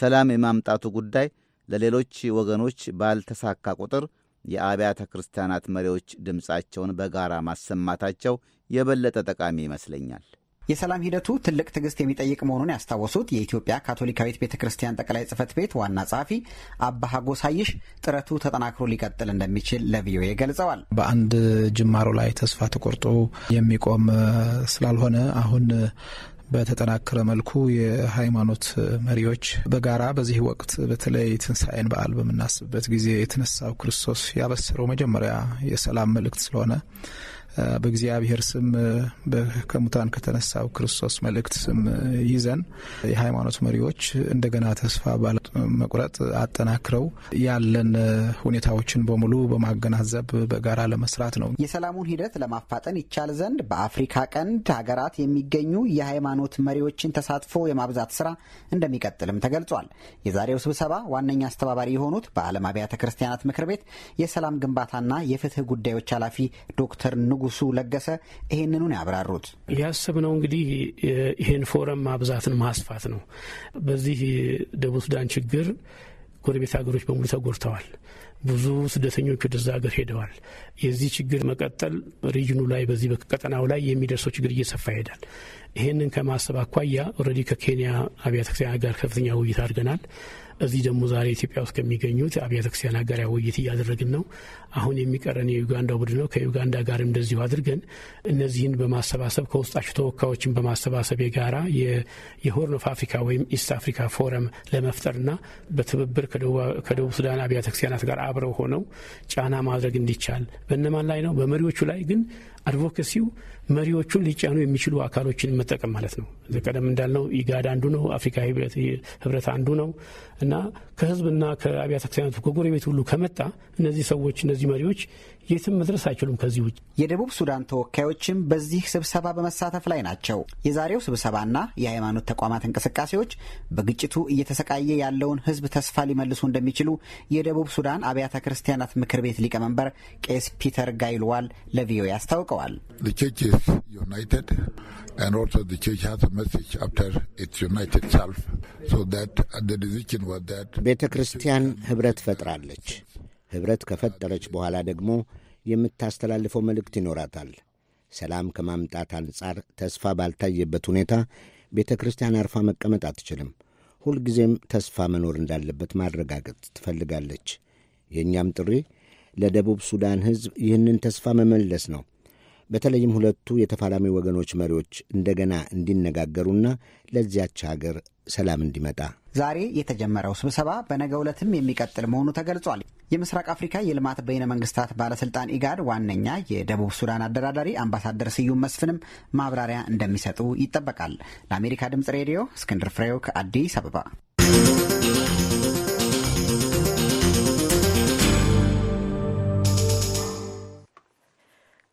ሰላም የማምጣቱ ጉዳይ ለሌሎች ወገኖች ባልተሳካ ቁጥር የአብያተ ክርስቲያናት መሪዎች ድምፃቸውን በጋራ ማሰማታቸው የበለጠ ጠቃሚ ይመስለኛል። የሰላም ሂደቱ ትልቅ ትዕግስት የሚጠይቅ መሆኑን ያስታወሱት የኢትዮጵያ ካቶሊካዊት ቤተ ክርስቲያን ጠቅላይ ጽህፈት ቤት ዋና ጸሐፊ አባ ሀጎሳይሽ ጥረቱ ተጠናክሮ ሊቀጥል እንደሚችል ለቪኦኤ ገልጸዋል። በአንድ ጅማሮ ላይ ተስፋ ተቆርጦ የሚቆም ስላልሆነ አሁን በተጠናከረ መልኩ የሃይማኖት መሪዎች በጋራ በዚህ ወቅት በተለይ ትንሣኤን በዓል በምናስብበት ጊዜ የተነሳው ክርስቶስ ያበሰረው መጀመሪያ የሰላም መልእክት ስለሆነ በእግዚአብሔር ስም ከሙታን ከተነሳው ክርስቶስ መልእክት ስም ይዘን የሃይማኖት መሪዎች እንደገና ተስፋ ባለ መቁረጥ አጠናክረው ያለን ሁኔታዎችን በሙሉ በማገናዘብ በጋራ ለመስራት ነው። የሰላሙን ሂደት ለማፋጠን ይቻል ዘንድ በአፍሪካ ቀንድ ሀገራት የሚገኙ የሃይማኖት መሪዎችን ተሳትፎ የማብዛት ስራ እንደሚቀጥልም ተገልጿል። የዛሬው ስብሰባ ዋነኛ አስተባባሪ የሆኑት በዓለም አብያተ ክርስቲያናት ምክር ቤት የሰላም ግንባታና የፍትህ ጉዳዮች ኃላፊ ዶክተር ንጉ ንጉሱ ለገሰ ይህንኑን ያብራሩት። ያሰብነው እንግዲህ ይህን ፎረም ማብዛትን ማስፋት ነው። በዚህ ደቡብ ሱዳን ችግር ጎረቤት ሀገሮች በሙሉ ተጎድተዋል። ብዙ ስደተኞች ወደዛ ሀገር ሄደዋል። የዚህ ችግር መቀጠል ሪጅኑ ላይ በዚህ በቀጠናው ላይ የሚደርሰው ችግር እየሰፋ ይሄዳል። ይህንን ከማሰብ አኳያ ኦልሬዲ ከኬንያ አብያተ ክርስቲያን ጋር ከፍተኛ ውይይት አድርገናል። እዚህ ደግሞ ዛሬ ኢትዮጵያ ውስጥ ከሚገኙት አብያተ ክርስቲያን ጋር ውይይት እያደረግን ነው። አሁን የሚቀረን የዩጋንዳ ቡድን ነው። ከዩጋንዳ ጋር እንደዚሁ አድርገን እነዚህን በማሰባሰብ ከውስጣቸው ተወካዮችን በማሰባሰብ የጋራ የሆርን ኦፍ አፍሪካ ወይም ኢስት አፍሪካ ፎረም ለመፍጠርና በትብብር ከደቡብ ሱዳን አብያተ ክርስቲያናት ጋር አብረው ሆነው ጫና ማድረግ እንዲቻል በእነማን ላይ ነው? በመሪዎቹ ላይ ግን አድቮኬሲው መሪዎቹን ሊጫኑ የሚችሉ አካሎችን መጠቀም ማለት ነው። ቀደም እንዳልነው ኢጋድ አንዱ ነው፣ አፍሪካ ህብረት አንዱ ነው እና ከህዝብና ከአብያተ ክርስቲያናቱ ከጎረቤት ሁሉ ከመጣ እነዚህ ሰዎች እነዚህ መሪዎች የትም መድረስ አይችሉም ከዚህ ውጭ። የደቡብ ሱዳን ተወካዮችም በዚህ ስብሰባ በመሳተፍ ላይ ናቸው። የዛሬው ስብሰባና የሃይማኖት ተቋማት እንቅስቃሴዎች በግጭቱ እየተሰቃየ ያለውን ሕዝብ ተስፋ ሊመልሱ እንደሚችሉ የደቡብ ሱዳን አብያተ ክርስቲያናት ምክር ቤት ሊቀመንበር ቄስ ፒተር ጋይልዋል ለቪኦኤ አስታውቀዋል። uh, ቤተ ክርስቲያን ህብረት ፈጥራለች። ኅብረት ከፈጠረች በኋላ ደግሞ የምታስተላልፈው መልእክት ይኖራታል። ሰላም ከማምጣት አንጻር ተስፋ ባልታየበት ሁኔታ ቤተ ክርስቲያን አርፋ መቀመጥ አትችልም። ሁልጊዜም ተስፋ መኖር እንዳለበት ማረጋገጥ ትፈልጋለች። የእኛም ጥሪ ለደቡብ ሱዳን ሕዝብ ይህንን ተስፋ መመለስ ነው። በተለይም ሁለቱ የተፋላሚ ወገኖች መሪዎች እንደገና እንዲነጋገሩና ለዚያች ሀገር ሰላም እንዲመጣ ዛሬ የተጀመረው ስብሰባ በነገ ዕለትም የሚቀጥል መሆኑ ተገልጿል። የምስራቅ አፍሪካ የልማት በይነ መንግስታት ባለስልጣን ኢጋድ ዋነኛ የደቡብ ሱዳን አደራዳሪ አምባሳደር ስዩም መስፍንም ማብራሪያ እንደሚሰጡ ይጠበቃል። ለአሜሪካ ድምጽ ሬዲዮ እስክንድር ፍሬው ከአዲስ አበባ።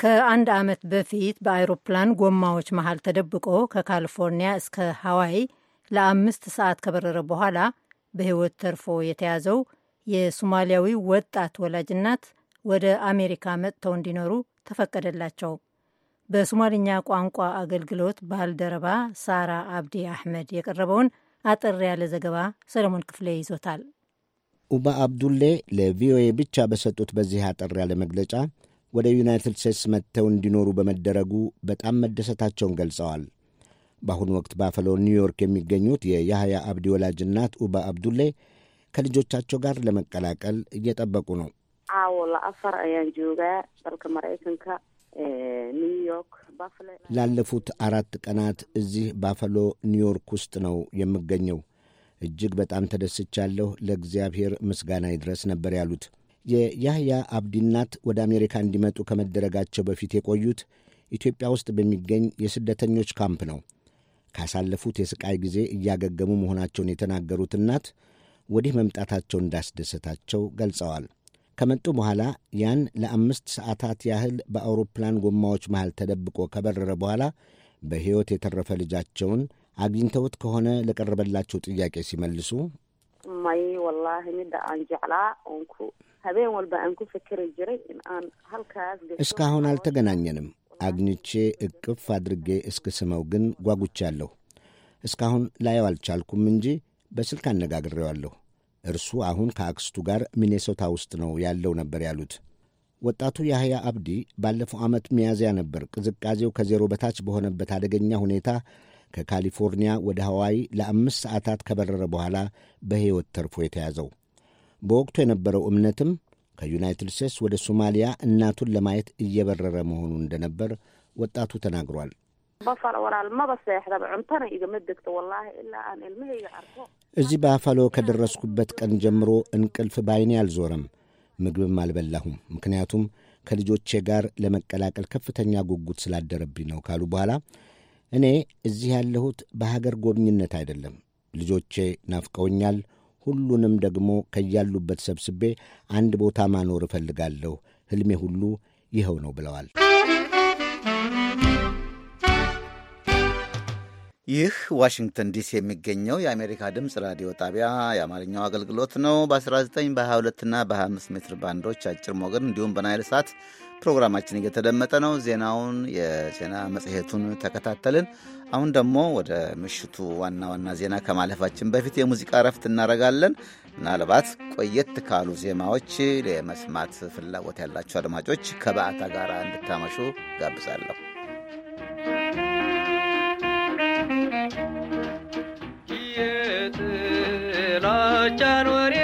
ከአንድ ዓመት በፊት በአይሮፕላን ጎማዎች መሃል ተደብቆ ከካሊፎርኒያ እስከ ሀዋይ ለአምስት ሰዓት ከበረረ በኋላ በሕይወት ተርፎ የተያዘው የሶማሊያዊ ወጣት ወላጅናት ወደ አሜሪካ መጥተው እንዲኖሩ ተፈቀደላቸው። በሱማልኛ ቋንቋ አገልግሎት ባልደረባ ሳራ አብዲ አሕመድ የቀረበውን አጠር ያለ ዘገባ ሰለሞን ክፍሌ ይዞታል። ኡባ አብዱሌ ለቪኦኤ ብቻ በሰጡት በዚህ አጠር ያለ መግለጫ ወደ ዩናይትድ ስቴትስ መጥተው እንዲኖሩ በመደረጉ በጣም መደሰታቸውን ገልጸዋል። በአሁኑ ወቅት ባፈሎ ኒውዮርክ የሚገኙት የያህያ አብዲ ወላጅ እናት ኡባ አብዱሌ ከልጆቻቸው ጋር ለመቀላቀል እየጠበቁ ነው። አዎ ለአፈር አያን ጆጋ ጠልከ መራይክንካ ኒውዮርክ ባፍሎ ላለፉት አራት ቀናት እዚህ ባፈሎ ኒውዮርክ ውስጥ ነው የምገኘው። እጅግ በጣም ተደስቻለሁ፣ ለእግዚአብሔር ምስጋና ይድረስ ነበር ያሉት የያህያ አብዲ እናት ወደ አሜሪካ እንዲመጡ ከመደረጋቸው በፊት የቆዩት ኢትዮጵያ ውስጥ በሚገኝ የስደተኞች ካምፕ ነው። ካሳለፉት የሥቃይ ጊዜ እያገገሙ መሆናቸውን የተናገሩት እናት ወዲህ መምጣታቸው እንዳስደሰታቸው ገልጸዋል። ከመጡ በኋላ ያን ለአምስት ሰዓታት ያህል በአውሮፕላን ጎማዎች መሃል ተደብቆ ከበረረ በኋላ በሕይወት የተረፈ ልጃቸውን አግኝተውት ከሆነ ለቀረበላቸው ጥያቄ ሲመልሱ ማይ ወላሂ ኦንኩ ሀቤን ወልባ አንኩ ፍክር ሀልካስ እስካሁን አልተገናኘንም። አግኝቼ እቅፍ አድርጌ እስክስመው ግን ጓጉቻለሁ። እስካሁን ላየው አልቻልኩም እንጂ በስልክ አነጋግሬዋለሁ። እርሱ አሁን ከአክስቱ ጋር ሚኔሶታ ውስጥ ነው ያለው ነበር ያሉት። ወጣቱ ያህያ አብዲ ባለፈው ዓመት ሚያዝያ ነበር ቅዝቃዜው ከዜሮ በታች በሆነበት አደገኛ ሁኔታ ከካሊፎርኒያ ወደ ሐዋይ ለአምስት ሰዓታት ከበረረ በኋላ በሕይወት ተርፎ የተያዘው። በወቅቱ የነበረው እምነትም ከዩናይትድ ስቴትስ ወደ ሶማሊያ እናቱን ለማየት እየበረረ መሆኑ እንደነበር ወጣቱ ተናግሯል። bafalo walaal maba seexdaba cuntana igama degto wallaahi ilaa aan ilmahayga arko እዚህ ባፋሎ ከደረስኩበት ቀን ጀምሮ እንቅልፍ ባይኔ አልዞረም፣ ምግብም አልበላሁም። ምክንያቱም ከልጆቼ ጋር ለመቀላቀል ከፍተኛ ጉጉት ስላደረብኝ ነው ካሉ በኋላ እኔ እዚህ ያለሁት በሀገር ጎብኝነት አይደለም። ልጆቼ ናፍቀውኛል። ሁሉንም ደግሞ ከያሉበት ሰብስቤ አንድ ቦታ ማኖር እፈልጋለሁ። ሕልሜ ሁሉ ይኸው ነው ብለዋል። ይህ ዋሽንግተን ዲሲ የሚገኘው የአሜሪካ ድምፅ ራዲዮ ጣቢያ የአማርኛው አገልግሎት ነው። በ19 በ22ና በ25 ሜትር ባንዶች አጭር ሞገድ እንዲሁም በናይል ሰዓት ፕሮግራማችን እየተደመጠ ነው። ዜናውን የዜና መጽሔቱን ተከታተልን። አሁን ደግሞ ወደ ምሽቱ ዋና ዋና ዜና ከማለፋችን በፊት የሙዚቃ እረፍት እናደርጋለን። ምናልባት ቆየት ካሉ ዜማዎች የመስማት ፍላጎት ያላቸው አድማጮች ከበዓታ ጋር እንድታመሹ ጋብዛለሁ። January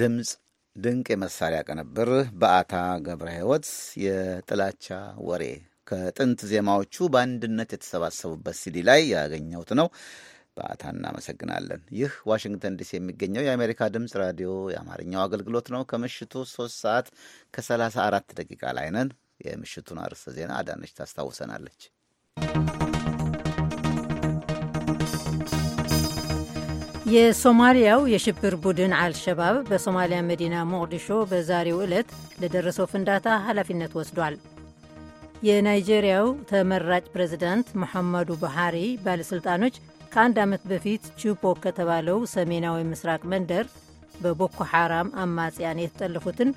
ድምፅ ድንቅ የመሳሪያ ቅንብር በአታ ገብረ ሕይወት የጥላቻ ወሬ ከጥንት ዜማዎቹ በአንድነት የተሰባሰቡበት ሲዲ ላይ ያገኘሁት ነው። በአታ እናመሰግናለን። ይህ ዋሽንግተን ዲሲ የሚገኘው የአሜሪካ ድምፅ ራዲዮ የአማርኛው አገልግሎት ነው። ከምሽቱ ሶስት ሰዓት ከሰላሳ አራት ደቂቃ ላይ ነን። የምሽቱን አርዕስተ ዜና አዳነች ታስታውሰናለች። የሶማሊያው የሽብር ቡድን አልሸባብ በሶማሊያ መዲና ሞቅዲሾ በዛሬው ዕለት ለደረሰው ፍንዳታ ኃላፊነት ወስዷል። የናይጄሪያው ተመራጭ ፕሬዚዳንት መሐመዱ ቡሃሪ ባለሥልጣኖች ከአንድ ዓመት በፊት ቺቦ ከተባለው ሰሜናዊ ምስራቅ መንደር በቦኮ ሐራም አማጽያን የተጠለፉትን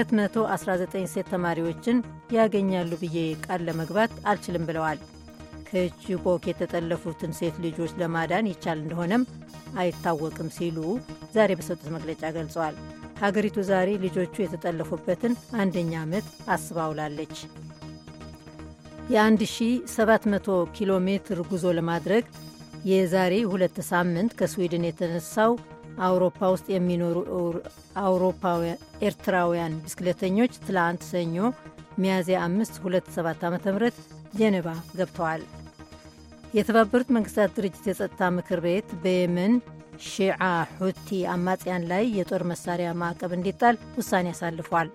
219 ሴት ተማሪዎችን ያገኛሉ ብዬ ቃል ለመግባት አልችልም ብለዋል። ከቺቦክ የተጠለፉትን ሴት ልጆች ለማዳን ይቻል እንደሆነም አይታወቅም ሲሉ ዛሬ በሰጡት መግለጫ ገልጸዋል። ሀገሪቱ ዛሬ ልጆቹ የተጠለፉበትን አንደኛ ዓመት አስባውላለች። የ1700 ኪሎ ሜትር ጉዞ ለማድረግ የዛሬ ሁለት ሳምንት ከስዊድን የተነሳው አውሮፓ ውስጥ የሚኖሩ አውሮፓውያን ኤርትራውያን ብስክሌተኞች ትላንት ሰኞ ሚያዝያ 5 27 ዓ ም ጄኔቫ ገብተዋል። የተባበሩት መንግስታት ድርጅት የጸጥታ ምክር ቤት በየመን ሺዓ ሁቲ አማጽያን ላይ የጦር መሳሪያ ማዕቀብ እንዲጣል ውሳኔ አሳልፏል።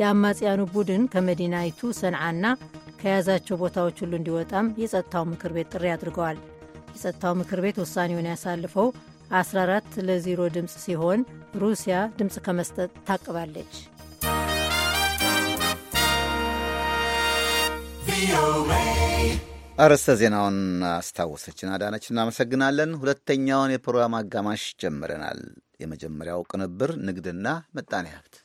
የአማጽያኑ ቡድን ከመዲናይቱ ሰንዓና ከያዛቸው ቦታዎች ሁሉ እንዲወጣም የጸጥታው ምክር ቤት ጥሪ አድርገዋል። የጸጥታው ምክር ቤት ውሳኔውን ያሳልፈው 14 0 ድምፅ ሲሆን ሩሲያ ድምፅ ከመስጠት ታቅባለች። ቪኦኤ አርዕስተ ዜናውን አስታወሰችን አዳነች፣ እናመሰግናለን። ሁለተኛውን የፕሮግራም አጋማሽ ጀምረናል። የመጀመሪያው ቅንብር ንግድና ምጣኔ ሀብት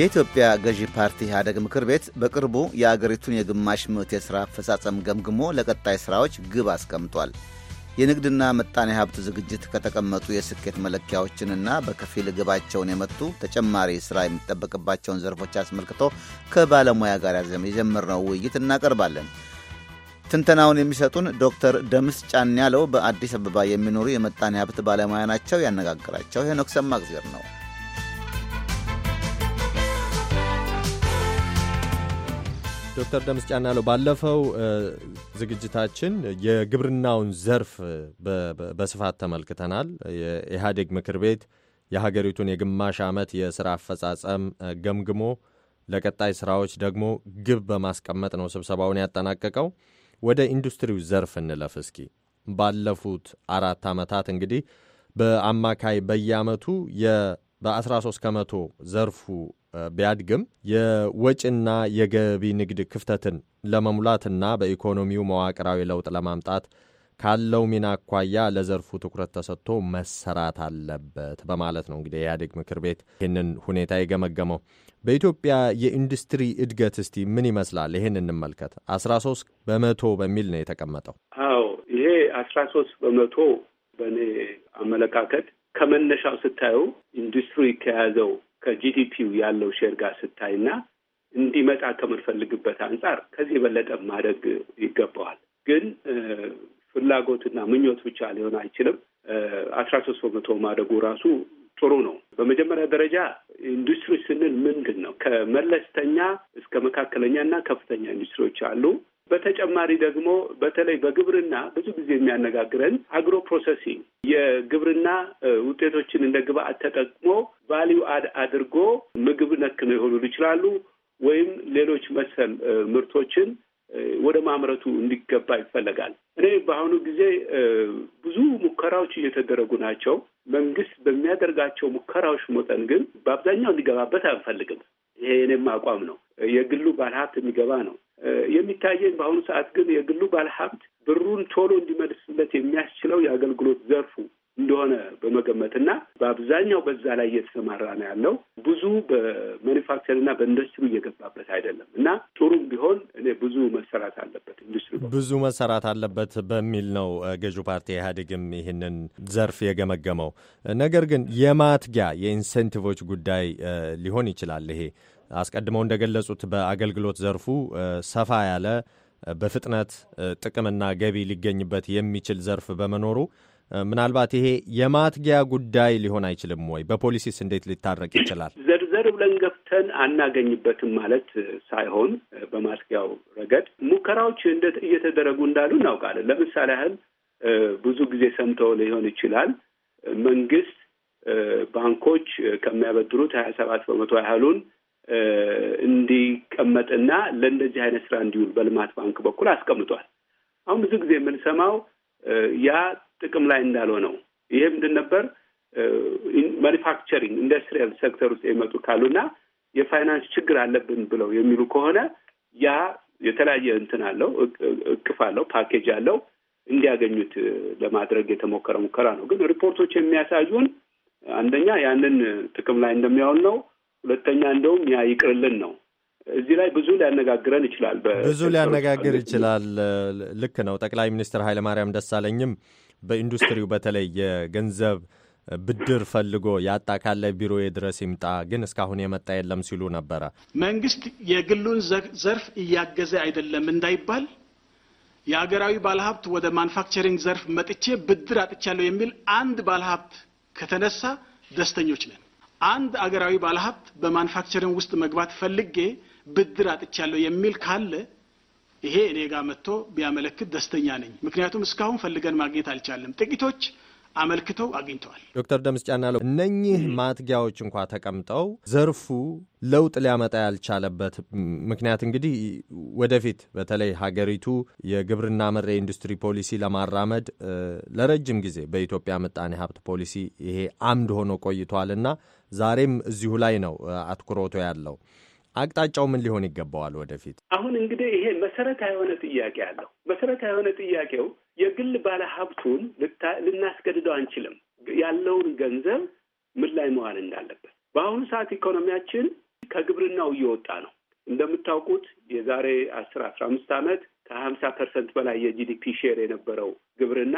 የኢትዮጵያ ገዢ ፓርቲ ኢህአደግ ምክር ቤት በቅርቡ የአገሪቱን የግማሽ ምዕት የሥራ አፈጻጸም ገምግሞ ለቀጣይ ሥራዎች ግብ አስቀምጧል። የንግድና ምጣኔ ሀብት ዝግጅት ከተቀመጡ የስኬት መለኪያዎችንና በከፊል ግባቸውን የመቱ ተጨማሪ ስራ የሚጠበቅባቸውን ዘርፎች አስመልክቶ ከባለሙያ ጋር የጀመርነው ውይይት እናቀርባለን። ትንተናውን የሚሰጡን ዶክተር ደምስ ጫን ያለው በአዲስ አበባ የሚኖሩ የምጣኔ ሀብት ባለሙያ ናቸው። ያነጋግራቸው ሄኖክ ሰማእግዜር ነው። ዶክተር ደምስጫ ጫናለው ባለፈው ዝግጅታችን የግብርናውን ዘርፍ በስፋት ተመልክተናል። የኢህአዴግ ምክር ቤት የሀገሪቱን የግማሽ ዓመት የሥራ አፈጻጸም ገምግሞ ለቀጣይ ሥራዎች ደግሞ ግብ በማስቀመጥ ነው ስብሰባውን ያጠናቀቀው። ወደ ኢንዱስትሪው ዘርፍ እንለፍ እስኪ። ባለፉት አራት ዓመታት እንግዲህ በአማካይ በየዓመቱ በ13 ከመቶ ዘርፉ ቢያድግም የወጪና የገቢ ንግድ ክፍተትን ለመሙላትና በኢኮኖሚው መዋቅራዊ ለውጥ ለማምጣት ካለው ሚና አኳያ ለዘርፉ ትኩረት ተሰጥቶ መሰራት አለበት በማለት ነው እንግዲህ የኢህአዴግ ምክር ቤት ይህንን ሁኔታ የገመገመው። በኢትዮጵያ የኢንዱስትሪ እድገት እስቲ ምን ይመስላል? ይህን እንመልከት። አስራ ሶስት በመቶ በሚል ነው የተቀመጠው። አዎ ይሄ አስራ ሶስት በመቶ በእኔ አመለካከት ከመነሻው ስታየው ኢንዱስትሪ ከያዘው ከጂዲፒው ያለው ሼር ጋር ስታይና እንዲመጣ ከምንፈልግበት አንጻር ከዚህ የበለጠ ማደግ ይገባዋል። ግን ፍላጎትና ምኞት ብቻ ሊሆን አይችልም። አስራ ሶስት በመቶ ማደጉ ራሱ ጥሩ ነው። በመጀመሪያ ደረጃ ኢንዱስትሪ ስንል ምንድን ነው? ከመለስተኛ እስከ መካከለኛና ከፍተኛ ኢንዱስትሪዎች አሉ። በተጨማሪ ደግሞ በተለይ በግብርና ብዙ ጊዜ የሚያነጋግረን አግሮ ፕሮሰሲንግ የግብርና ውጤቶችን እንደ ግብአት ተጠቅሞ ቫሊዩ አድ አድርጎ ምግብ ነክ ነው የሆኑ ይችላሉ ወይም ሌሎች መሰል ምርቶችን ወደ ማምረቱ እንዲገባ ይፈለጋል። እኔ በአሁኑ ጊዜ ብዙ ሙከራዎች እየተደረጉ ናቸው። መንግስት በሚያደርጋቸው ሙከራዎች መጠን ግን በአብዛኛው እንዲገባበት አንፈልግም። ይሄ የኔም አቋም ነው። የግሉ ባለሀብት የሚገባ ነው የሚታየኝ። በአሁኑ ሰዓት ግን የግሉ ባለሀብት ብሩን ቶሎ እንዲመልስለት የሚያስችለው የአገልግሎት ዘርፉ እንደሆነ በመገመትና በአብዛኛው በዛ ላይ እየተሰማራ ነው ያለው። ብዙ በማኒፋክቸር እና በኢንዱስትሪ እየገባበት አይደለም እና ጥሩም ቢሆን እኔ ብዙ መሰራት አለበት ኢንዱስትሪ ብዙ መሰራት አለበት በሚል ነው ገዢው ፓርቲ ኢህአዴግም ይህንን ዘርፍ የገመገመው። ነገር ግን የማትጊያ የኢንሴንቲቮች ጉዳይ ሊሆን ይችላል። ይሄ አስቀድመው እንደገለጹት በአገልግሎት ዘርፉ ሰፋ ያለ በፍጥነት ጥቅምና ገቢ ሊገኝበት የሚችል ዘርፍ በመኖሩ ምናልባት ይሄ የማትጊያ ጉዳይ ሊሆን አይችልም ወይ? በፖሊሲስ እንዴት ሊታረቅ ይችላል? ዘርዘር ብለን ገብተን አናገኝበትም ማለት ሳይሆን በማትጊያው ረገድ ሙከራዎች እየተደረጉ እንዳሉ እናውቃለን። ለምሳሌ ያህል ብዙ ጊዜ ሰምተው ሊሆን ይችላል መንግስት ባንኮች ከሚያበድሩት ሀያ ሰባት በመቶ ያህሉን እንዲቀመጥና ለእንደዚህ አይነት ስራ እንዲውል በልማት ባንክ በኩል አስቀምጧል። አሁን ብዙ ጊዜ የምንሰማው ያ ጥቅም ላይ ነው። ይሄ ምንድን ነበር? ማኒፋክቸሪንግ ኢንዱስትሪያል ሴክተር ውስጥ የመጡ ካሉና የፋይናንስ ችግር አለብን ብለው የሚሉ ከሆነ ያ የተለያየ እንትን አለው እቅፍ አለው ፓኬጅ አለው እንዲያገኙት ለማድረግ የተሞከረ ሙከራ ነው። ግን ሪፖርቶች የሚያሳዩን አንደኛ ያንን ጥቅም ላይ እንደሚያውል ነው። ሁለተኛ እንደውም ያ ይቅርልን ነው። እዚህ ላይ ብዙ ሊያነጋግረን ይችላል። ብዙ ሊያነጋግር ይችላል። ልክ ነው። ጠቅላይ ሚኒስትር ኃይለማርያም ደሳለኝም በኢንዱስትሪው በተለይ የገንዘብ ብድር ፈልጎ ያጣ ካለ ቢሮዬ ድረስ ይምጣ፣ ግን እስካሁን የመጣ የለም ሲሉ ነበረ። መንግስት የግሉን ዘርፍ እያገዘ አይደለም እንዳይባል የሀገራዊ ባለሀብት ወደ ማኑፋክቸሪንግ ዘርፍ መጥቼ ብድር አጥቻለሁ የሚል አንድ ባለሀብት ከተነሳ ደስተኞች ነን። አንድ አገራዊ ባለሀብት በማኑፋክቸሪንግ ውስጥ መግባት ፈልጌ ብድር አጥቻለሁ የሚል ካለ ይሄ እኔ ጋር መጥቶ ቢያመለክት ደስተኛ ነኝ። ምክንያቱም እስካሁን ፈልገን ማግኘት አልቻለም። ጥቂቶች አመልክተው አግኝተዋል። ዶክተር ደምስ ጫናለው እነኚህ ማትጊያዎች እንኳ ተቀምጠው ዘርፉ ለውጥ ሊያመጣ ያልቻለበት ምክንያት እንግዲህ ወደፊት በተለይ ሀገሪቱ የግብርና መር ኢንዱስትሪ ፖሊሲ ለማራመድ ለረጅም ጊዜ በኢትዮጵያ ምጣኔ ሀብት ፖሊሲ ይሄ አምድ ሆኖ ቆይቷልና ዛሬም እዚሁ ላይ ነው አትኩሮቶ ያለው። አቅጣጫው ምን ሊሆን ይገባዋል ወደፊት? አሁን እንግዲህ ይሄ መሰረታዊ የሆነ ጥያቄ አለው። መሰረታዊ የሆነ ጥያቄው የግል ባለሀብቱን ልናስገድደው አንችልም። ያለውን ገንዘብ ምን ላይ መዋል እንዳለበት በአሁኑ ሰዓት ኢኮኖሚያችን ከግብርናው እየወጣ ነው። እንደምታውቁት የዛሬ አስር አስራ አምስት ዓመት ከሀምሳ ፐርሰንት በላይ የጂዲፒ ሼር የነበረው ግብርና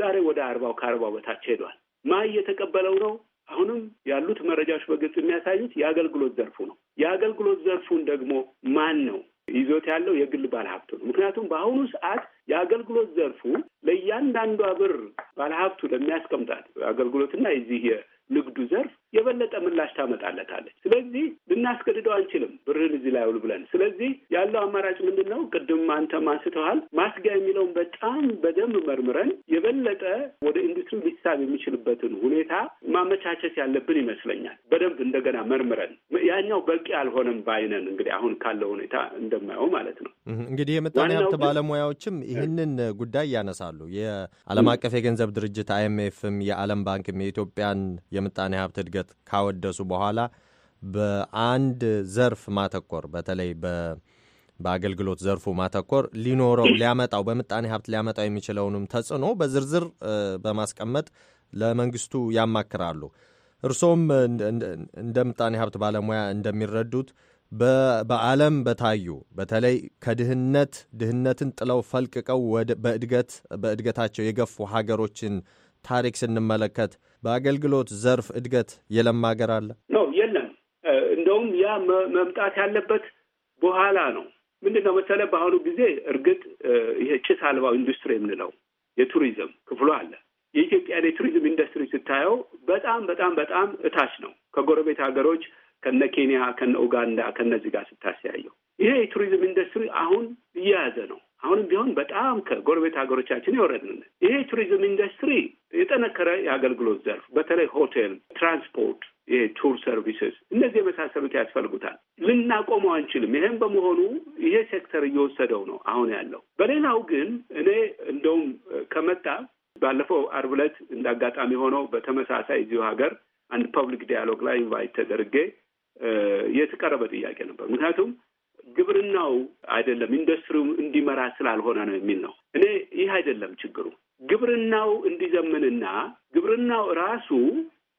ዛሬ ወደ አርባው ከአርባው በታች ሄዷል። ማ እየተቀበለው ነው? አሁንም ያሉት መረጃዎች በግልጽ የሚያሳዩት የአገልግሎት ዘርፉ ነው። የአገልግሎት ዘርፉን ደግሞ ማን ነው ይዞት ያለው? የግል ባለሀብቱ ነው። ምክንያቱም በአሁኑ ሰዓት የአገልግሎት ዘርፉ ለእያንዳንዷ ብር ባለሀብቱ ለሚያስቀምጣት አገልግሎትና የዚህ የንግዱ ዘርፍ የበለጠ ምላሽ ታመጣለታለች። ስለዚህ ልናስገድደው አንችልም ብርህን እዚህ ላይ ውል ብለን። ስለዚህ ያለው አማራጭ ምንድን ነው? ቅድም አንተም አንስተዋል። ማስጊያ የሚለውን በጣም በደንብ መርምረን የበለጠ ወደ ኢንዱስትሪ ሊሳብ የሚችልበትን ሁኔታ ማመቻቸት ያለብን ይመስለኛል። በደንብ እንደገና መርምረን ያኛው በቂ አልሆነም ባይነን እንግዲህ አሁን ካለው ሁኔታ እንደማየው ማለት ነው። እንግዲህ የምጣኔ ሀብት ባለሙያዎችም ይህንን ጉዳይ ያነሳሉ። የዓለም አቀፍ የገንዘብ ድርጅት አይኤምኤፍም የዓለም ባንክም የኢትዮጵያን የምጣኔ ሀብት እድገ እድገት ካወደሱ በኋላ በአንድ ዘርፍ ማተኮር በተለይ በአገልግሎት ዘርፉ ማተኮር ሊኖረው ሊያመጣው በምጣኔ ሀብት ሊያመጣው የሚችለውንም ተጽዕኖ በዝርዝር በማስቀመጥ ለመንግስቱ ያማክራሉ። እርሶም እንደ ምጣኔ ሀብት ባለሙያ እንደሚረዱት በዓለም በታዩ በተለይ ከድህነት ድህነትን ጥለው ፈልቅቀው በእድገታቸው የገፉ ሀገሮችን ታሪክ ስንመለከት በአገልግሎት ዘርፍ እድገት የለም ሀገር አለ ነው? የለም። እንደውም ያ መምጣት ያለበት በኋላ ነው። ምንድን ነው መሰለ፣ በአሁኑ ጊዜ እርግጥ ይሄ ጭስ አልባው ኢንዱስትሪ የምንለው የቱሪዝም ክፍሉ አለ። የኢትዮጵያን የቱሪዝም ኢንዱስትሪ ስታየው በጣም በጣም በጣም እታች ነው ከጎረቤት ሀገሮች ከነ ኬንያ ከነ ኡጋንዳ ከነዚህ ጋር ስታስያየው ይሄ የቱሪዝም ኢንዱስትሪ አሁን እየያዘ ነው። አሁንም ቢሆን በጣም ከጎረቤት ሀገሮቻችን የወረድን። ይሄ ቱሪዝም ኢንዱስትሪ የጠነከረ የአገልግሎት ዘርፍ በተለይ ሆቴል፣ ትራንስፖርት፣ ይሄ ቱር ሰርቪስስ እነዚህ የመሳሰሉት ያስፈልጉታል። ልናቆመው አንችልም። ይሄም በመሆኑ ይሄ ሴክተር እየወሰደው ነው አሁን ያለው። በሌላው ግን እኔ እንደውም ከመጣ ባለፈው አርብ ዕለት እንዳጋጣሚ ሆነው በተመሳሳይ እዚሁ ሀገር አንድ ፐብሊክ ዲያሎግ ላይ ኢንቫይት ተደርጌ የተቀረበ ጥያቄ ነበር ምክንያቱም ግብርናው አይደለም ኢንዱስትሪው እንዲመራ ስላልሆነ ነው የሚል ነው። እኔ ይህ አይደለም ችግሩ። ግብርናው እንዲዘምንና ግብርናው ራሱ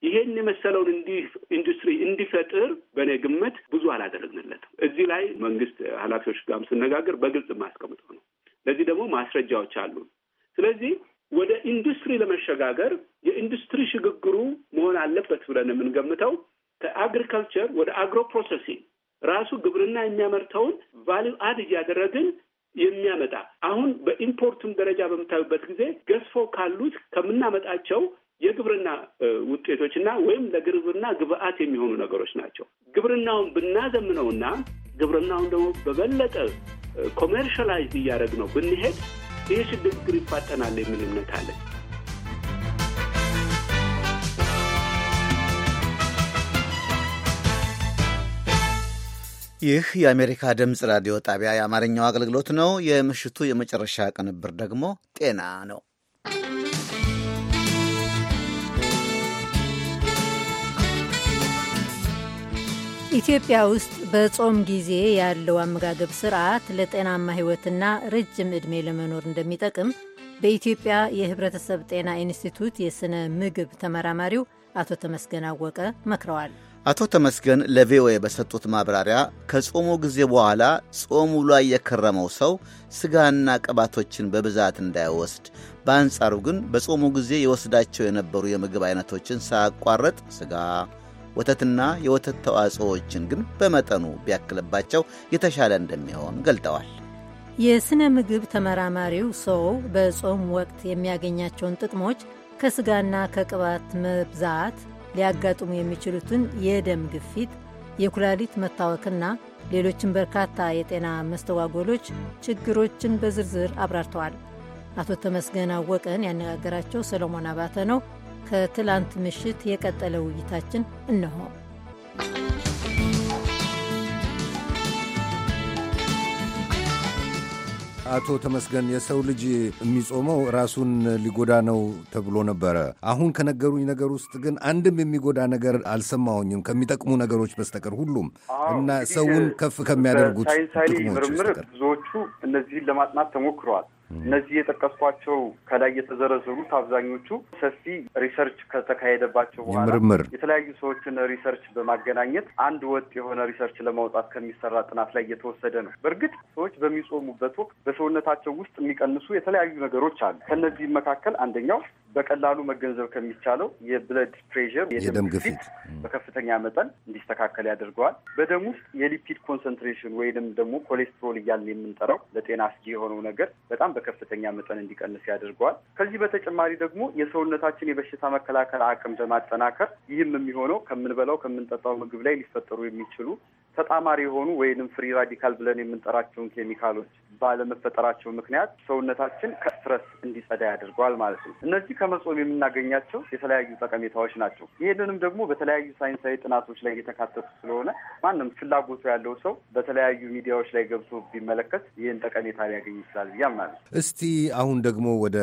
ይሄን የመሰለውን እንዲህ ኢንዱስትሪ እንዲፈጥር በእኔ ግምት ብዙ አላደረግንለትም። እዚህ ላይ መንግስት ኃላፊዎች ጋርም ስነጋገር በግልጽ የማስቀምጠው ነው። ለዚህ ደግሞ ማስረጃዎች አሉ። ስለዚህ ወደ ኢንዱስትሪ ለመሸጋገር የኢንዱስትሪ ሽግግሩ መሆን አለበት ብለን የምንገምተው ከአግሪካልቸር ወደ አግሮ ፕሮሰሲንግ ራሱ ግብርና የሚያመርተውን ቫሊዩ አድ እያደረግን የሚያመጣ አሁን በኢምፖርትም ደረጃ በምታዩበት ጊዜ ገዝፎ ካሉት ከምናመጣቸው የግብርና ውጤቶች እና ወይም ለግብርና ግብአት የሚሆኑ ነገሮች ናቸው። ግብርናውን ብናዘምነውና ግብርናውን ደግሞ በበለጠ ኮሜርሻላይዝ ነው ብንሄድ ይህ ሽግግር ይፋጠናል የሚል እምነት አለን። ይህ የአሜሪካ ድምፅ ራዲዮ ጣቢያ የአማርኛው አገልግሎት ነው። የምሽቱ የመጨረሻ ቅንብር ደግሞ ጤና ነው። ኢትዮጵያ ውስጥ በጾም ጊዜ ያለው አመጋገብ ስርዓት ለጤናማ ሕይወትና ረጅም ዕድሜ ለመኖር እንደሚጠቅም በኢትዮጵያ የሕብረተሰብ ጤና ኢንስቲትዩት የሥነ ምግብ ተመራማሪው አቶ ተመስገን አወቀ መክረዋል። አቶ ተመስገን ለቪኦኤ በሰጡት ማብራሪያ ከጾሙ ጊዜ በኋላ ጾሙ ላይ የከረመው ሰው ስጋና ቅባቶችን በብዛት እንዳይወስድ፣ በአንጻሩ ግን በጾሙ ጊዜ የወስዳቸው የነበሩ የምግብ አይነቶችን ሳያቋረጥ ስጋ፣ ወተትና የወተት ተዋጽኦዎችን ግን በመጠኑ ቢያክልባቸው የተሻለ እንደሚሆን ገልጠዋል። የሥነ ምግብ ተመራማሪው ሰው በጾም ወቅት የሚያገኛቸውን ጥቅሞች ከስጋና ከቅባት መብዛት ሊያጋጥሙ የሚችሉትን የደም ግፊት፣ የኩላሊት መታወክና ሌሎችን በርካታ የጤና መስተጓጎሎች ችግሮችን በዝርዝር አብራርተዋል። አቶ ተመስገን አወቀን ያነጋገራቸው ሰሎሞን አባተ ነው። ከትላንት ምሽት የቀጠለ ውይይታችን እነሆ። አቶ ተመስገን የሰው ልጅ የሚጾመው ራሱን ሊጎዳ ነው ተብሎ ነበረ። አሁን ከነገሩኝ ነገር ውስጥ ግን አንድም የሚጎዳ ነገር አልሰማሁኝም ከሚጠቅሙ ነገሮች በስተቀር ሁሉም እና ሰውን ከፍ ከሚያደርጉት ሳይንሳዊ ምርምር ብዙዎቹ እነዚህን ለማጥናት ተሞክረዋል። እነዚህ የጠቀስኳቸው ከላይ የተዘረዘሩት አብዛኞቹ ሰፊ ሪሰርች ከተካሄደባቸው በኋላ የተለያዩ ሰዎችን ሪሰርች በማገናኘት አንድ ወጥ የሆነ ሪሰርች ለማውጣት ከሚሰራ ጥናት ላይ እየተወሰደ ነው። በእርግጥ ሰዎች በሚጾሙበት ወቅት በሰውነታቸው ውስጥ የሚቀንሱ የተለያዩ ነገሮች አሉ። ከእነዚህም መካከል አንደኛው በቀላሉ መገንዘብ ከሚቻለው የብለድ ፕሬሽር የደም ግፊት በከፍተኛ መጠን እንዲስተካከል ያደርገዋል። በደም ውስጥ የሊፒድ ኮንሰንትሬሽን ወይንም ደግሞ ኮሌስትሮል እያልን የምንጠራው ለጤና አስጊ የሆነው ነገር በጣም በከፍተኛ መጠን እንዲቀንስ ያደርገዋል። ከዚህ በተጨማሪ ደግሞ የሰውነታችን የበሽታ መከላከል አቅም በማጠናከር ይህም የሚሆነው ከምንበላው ከምንጠጣው ምግብ ላይ ሊፈጠሩ የሚችሉ ተጣማሪ የሆኑ ወይንም ፍሪ ራዲካል ብለን የምንጠራቸውን ኬሚካሎች ባለመፈጠራቸው ምክንያት ሰውነታችን ከስትረስ እንዲጸዳ ያደርገዋል ማለት ነው። እነዚህ ከመጾም የምናገኛቸው የተለያዩ ጠቀሜታዎች ናቸው። ይህንንም ደግሞ በተለያዩ ሳይንሳዊ ጥናቶች ላይ እየተካተቱ ስለሆነ ማንም ፍላጎቱ ያለው ሰው በተለያዩ ሚዲያዎች ላይ ገብቶ ቢመለከት ይህን ጠቀሜታ ሊያገኝ ይችላል ማለት ነው። እስቲ አሁን ደግሞ ወደ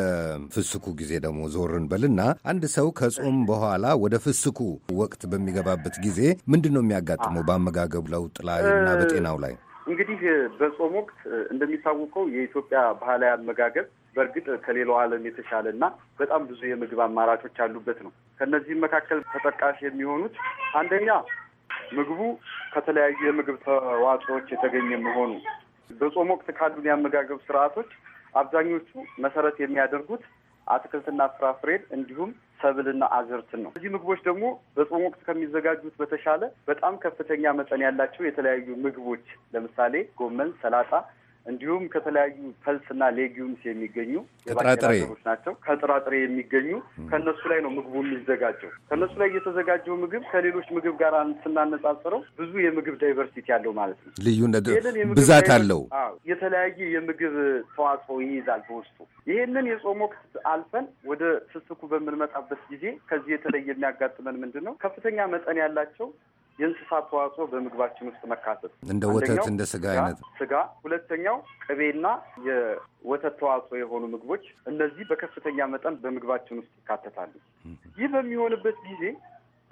ፍስኩ ጊዜ ደግሞ ዞርን በልና አንድ ሰው ከጾም በኋላ ወደ ፍስኩ ወቅት በሚገባበት ጊዜ ምንድን ነው የሚያጋጥመው በአመጋገቡ ለውጥ ላይ እና በጤናው ላይ? እንግዲህ በጾም ወቅት እንደሚታወቀው የኢትዮጵያ ባህላዊ አመጋገብ በእርግጥ ከሌላው ዓለም የተሻለ እና በጣም ብዙ የምግብ አማራጮች ያሉበት ነው። ከእነዚህም መካከል ተጠቃሽ የሚሆኑት አንደኛ ምግቡ ከተለያዩ የምግብ ተዋጽኦዎች የተገኘ መሆኑ። በጾም ወቅት ካሉን የአመጋገብ ስርዓቶች አብዛኞቹ መሰረት የሚያደርጉት አትክልትና ፍራፍሬን እንዲሁም ሰብልና አዝርትን ነው። እዚህ ምግቦች ደግሞ በጾም ወቅት ከሚዘጋጁት በተሻለ በጣም ከፍተኛ መጠን ያላቸው የተለያዩ ምግቦች ለምሳሌ ጎመን፣ ሰላጣ እንዲሁም ከተለያዩ ፐልስና ሌጊዩምስ የሚገኙ የባቄላ ናቸው። ከጥራጥሬ የሚገኙ ከእነሱ ላይ ነው ምግቡ የሚዘጋጀው። ከእነሱ ላይ የተዘጋጀው ምግብ ከሌሎች ምግብ ጋር ስናነጻጽረው ብዙ የምግብ ዳይቨርሲቲ ያለው ማለት ነው። ልዩነት ብዛት አለው። የተለያየ የምግብ ተዋጽኦ ይይዛል በውስጡ። ይህንን የጾም ወቅት አልፈን ወደ ፍስኩ በምንመጣበት ጊዜ ከዚህ የተለየ የሚያጋጥመን ምንድን ነው? ከፍተኛ መጠን ያላቸው የእንስሳት ተዋጽኦ በምግባችን ውስጥ መካተት እንደ ወተት፣ እንደ ስጋ አይነት ስጋ። ሁለተኛው ቅቤና የወተት ተዋጽኦ የሆኑ ምግቦች፣ እነዚህ በከፍተኛ መጠን በምግባችን ውስጥ ይካተታሉ። ይህ በሚሆንበት ጊዜ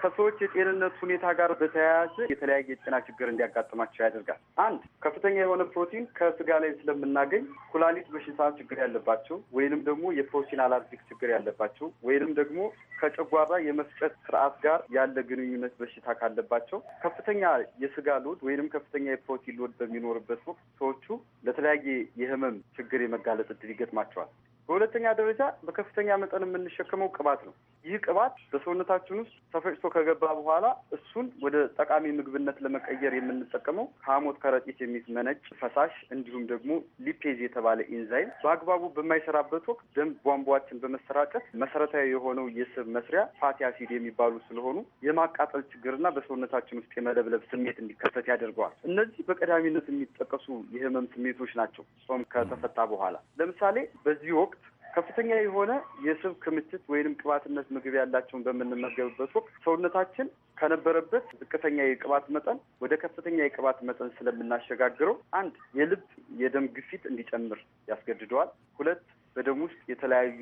ከሰዎች የጤንነት ሁኔታ ጋር በተያያዘ የተለያየ የጤና ችግር እንዲያጋጥማቸው ያደርጋል። አንድ ከፍተኛ የሆነ ፕሮቲን ከስጋ ላይ ስለምናገኝ ኩላሊት በሽታ ችግር ያለባቸው ወይንም ደግሞ የፕሮቲን አላርጂክ ችግር ያለባቸው ወይንም ደግሞ ከጨጓራ የመፍጨት ስርዓት ጋር ያለ ግንኙነት በሽታ ካለባቸው ከፍተኛ የስጋ ሎድ ወይንም ከፍተኛ የፕሮቲን ሎድ በሚኖርበት ወቅት ሰዎቹ ለተለያየ የህመም ችግር የመጋለጥ እድል ይገጥማቸዋል። በሁለተኛ ደረጃ በከፍተኛ መጠን የምንሸከመው ቅባት ነው። ይህ ቅባት በሰውነታችን ውስጥ ተፈጭቶ ከገባ በኋላ እሱን ወደ ጠቃሚ ምግብነት ለመቀየር የምንጠቀመው ከሐሞት ከረጢት የሚመነጭ ፈሳሽ እንዲሁም ደግሞ ሊፔዝ የተባለ ኢንዛይም በአግባቡ በማይሰራበት ወቅት ደም ቧንቧችን በመሰራጨት መሰረታዊ የሆነው የስብ መስሪያ ፋቲ አሲድ የሚባሉ ስለሆኑ የማቃጠል ችግርና በሰውነታችን ውስጥ የመለብለብ ስሜት እንዲከሰት ያደርገዋል። እነዚህ በቀዳሚነት የሚጠቀሱ የህመም ስሜቶች ናቸው ጾም ከተፈታ በኋላ። ለምሳሌ በዚህ ወቅት ከፍተኛ የሆነ የስብ ክምችት ወይንም ቅባትነት ምግብ ያላቸውን በምንመገብበት ወቅት ሰውነታችን ከነበረበት ዝቅተኛ የቅባት መጠን ወደ ከፍተኛ የቅባት መጠን ስለምናሸጋግረው አንድ የልብ የደም ግፊት እንዲጨምር ያስገድደዋል። ሁለት በደም ውስጥ የተለያዩ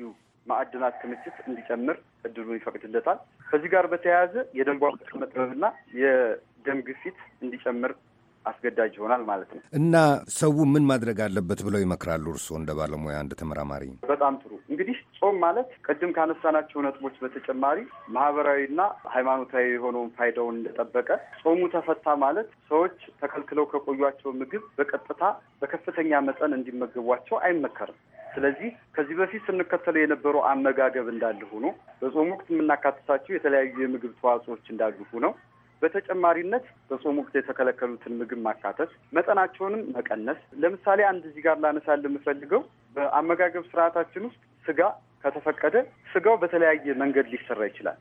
ማዕድናት ክምችት እንዲጨምር እድሉን ይፈቅድለታል። ከዚህ ጋር በተያያዘ የደም ቧንቧ መጥበብና የደም ግፊት እንዲጨምር አስገዳጅ ይሆናል ማለት ነው። እና ሰው ምን ማድረግ አለበት ብለው ይመክራሉ? እርስዎ እንደ ባለሙያ እንደ ተመራማሪ። በጣም ጥሩ እንግዲህ ጾም ማለት ቅድም ካነሳናቸው ነጥቦች በተጨማሪ ማህበራዊና ሃይማኖታዊ የሆነውን ፋይዳውን እንደጠበቀ ጾሙ ተፈታ ማለት ሰዎች ተከልክለው ከቆዩቸው ምግብ በቀጥታ በከፍተኛ መጠን እንዲመገቧቸው አይመከርም። ስለዚህ ከዚህ በፊት ስንከተለው የነበረው አመጋገብ እንዳለ ሆኖ በጾም ወቅት የምናካትታቸው የተለያዩ የምግብ ተዋጽኦች እንዳሉ ሆነው በተጨማሪነት በጾም ወቅት የተከለከሉትን ምግብ ማካተት፣ መጠናቸውንም መቀነስ። ለምሳሌ አንድ እዚህ ጋር ላነሳ የምፈልገው በአመጋገብ ስርዓታችን ውስጥ ስጋ ከተፈቀደ ስጋው በተለያየ መንገድ ሊሰራ ይችላል።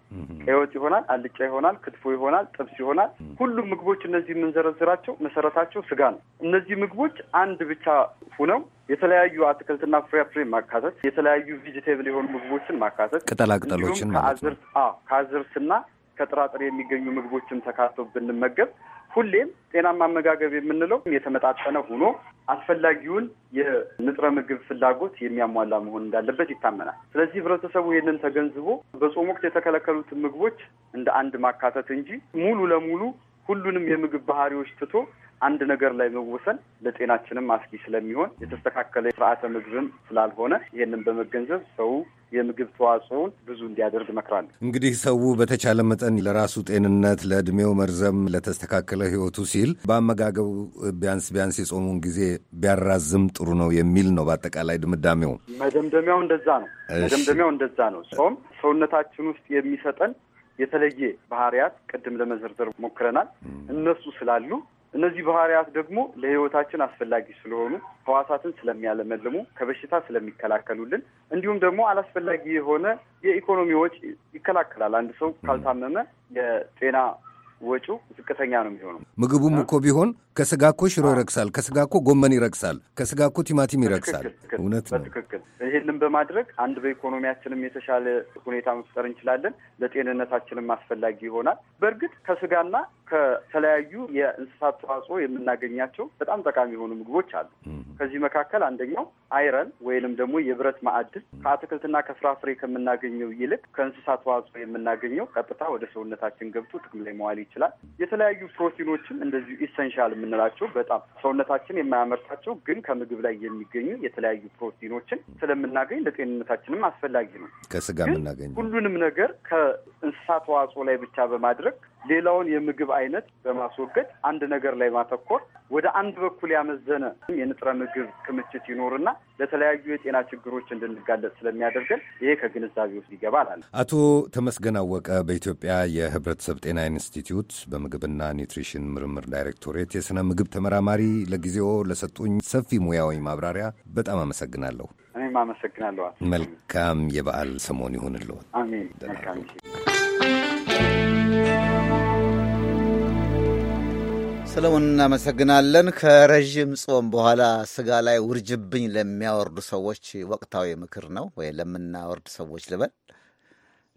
ቀይ ወጥ ይሆናል፣ አልጫ ይሆናል፣ ክትፎ ይሆናል፣ ጥብስ ይሆናል። ሁሉም ምግቦች እነዚህ የምንዘረዝራቸው መሰረታቸው ስጋ ነው። እነዚህ ምግቦች አንድ ብቻ ሁነው የተለያዩ አትክልትና ፍራፍሬ ማካተት፣ የተለያዩ ቪጂቴብል የሆኑ ምግቦችን ማካተት፣ ቅጠላቅጠሎችን ማለት ነው ከአዝርትና ከጥራጥሬ የሚገኙ ምግቦችን ተካቶ ብንመገብ ሁሌም ጤናማ አመጋገብ የምንለው የተመጣጠነ ሆኖ አስፈላጊውን የንጥረ ምግብ ፍላጎት የሚያሟላ መሆን እንዳለበት ይታመናል። ስለዚህ ህብረተሰቡ ይህንን ተገንዝቦ በጾም ወቅት የተከለከሉትን ምግቦች እንደ አንድ ማካተት እንጂ ሙሉ ለሙሉ ሁሉንም የምግብ ባህሪዎች ትቶ አንድ ነገር ላይ መወሰን ለጤናችንም አስጊ ስለሚሆን የተስተካከለ ስርዓተ ምግብም ስላልሆነ ይህንን በመገንዘብ ሰው የምግብ ተዋጽኦን ብዙ እንዲያደርግ እመክራለሁ። እንግዲህ ሰው በተቻለ መጠን ለራሱ ጤንነት፣ ለእድሜው መርዘም፣ ለተስተካከለ ህይወቱ ሲል በአመጋገቡ ቢያንስ ቢያንስ የጾሙን ጊዜ ቢያራዝም ጥሩ ነው የሚል ነው በአጠቃላይ ድምዳሜው። መደምደሚያው እንደዛ ነው። መደምደሚያው እንደዛ ነው። ጾም ሰውነታችን ውስጥ የሚሰጠን የተለየ ባህሪያት ቅድም ለመዘርዘር ሞክረናል። እነሱ ስላሉ እነዚህ ባህሪያት ደግሞ ለህይወታችን አስፈላጊ ስለሆኑ ህዋሳትን ስለሚያለመልሙ፣ ከበሽታ ስለሚከላከሉልን እንዲሁም ደግሞ አላስፈላጊ የሆነ የኢኮኖሚ ወጪ ይከላከላል። አንድ ሰው ካልታመመ የጤና ወጪው ዝቅተኛ ነው የሚሆነው። ምግቡም እኮ ቢሆን ከስጋ እኮ ሽሮ ይረግሳል፣ ከስጋ እኮ ጎመን ይረግሳል፣ ከስጋ እኮ ቲማቲም ይረግሳል። እውነት ነው። በትክክል ይህንም በማድረግ አንድ በኢኮኖሚያችንም የተሻለ ሁኔታ መፍጠር እንችላለን፣ ለጤንነታችንም አስፈላጊ ይሆናል። በእርግጥ ከስጋና ከተለያዩ የእንስሳት ተዋጽኦ የምናገኛቸው በጣም ጠቃሚ የሆኑ ምግቦች አሉ። ከዚህ መካከል አንደኛው አይረን ወይንም ደግሞ የብረት ማዕድን ከአትክልትና ከፍራፍሬ ከምናገኘው ይልቅ ከእንስሳት ተዋጽኦ የምናገኘው ቀጥታ ወደ ሰውነታችን ገብቶ ጥቅም ላይ መዋል ይችላል። የተለያዩ ፕሮቲኖችም እንደዚሁ ኢሰንሻል የምንላቸው በጣም ሰውነታችን የማያመርታቸው ግን ከምግብ ላይ የሚገኙ የተለያዩ ፕሮቲኖችን ስለምናገኝ ለጤንነታችንም አስፈላጊ ነው። ከስጋ የምናገኝ ሁሉንም ነገር ከእንስሳ ተዋጽኦ ላይ ብቻ በማድረግ ሌላውን የምግብ አይነት በማስወገድ አንድ ነገር ላይ ማተኮር ወደ አንድ በኩል ያመዘነ የንጥረ ምግብ ክምችት ይኖርና ለተለያዩ የጤና ችግሮች እንድንጋለጥ ስለሚያደርገን ይሄ ከግንዛቤ ውስጥ ይገባል አለ አቶ ተመስገን አወቀ በኢትዮጵያ የህብረተሰብ ጤና ኢንስቲትዩት ኢንስቲትዩት በምግብና ኒውትሪሽን ምርምር ዳይሬክቶሬት የሥነ ምግብ ተመራማሪ፣ ለጊዜው ለሰጡኝ ሰፊ ሙያዊ ማብራሪያ በጣም አመሰግናለሁ። እኔም አመሰግናለሁ። መልካም የበዓል ሰሞን ይሁንልዎ። አሜን። ሰለሞን እናመሰግናለን። ከረዥም ጾም በኋላ ስጋ ላይ ውርጅብኝ ለሚያወርዱ ሰዎች ወቅታዊ ምክር ነው ወይ ለምናወርድ ሰዎች ልበል።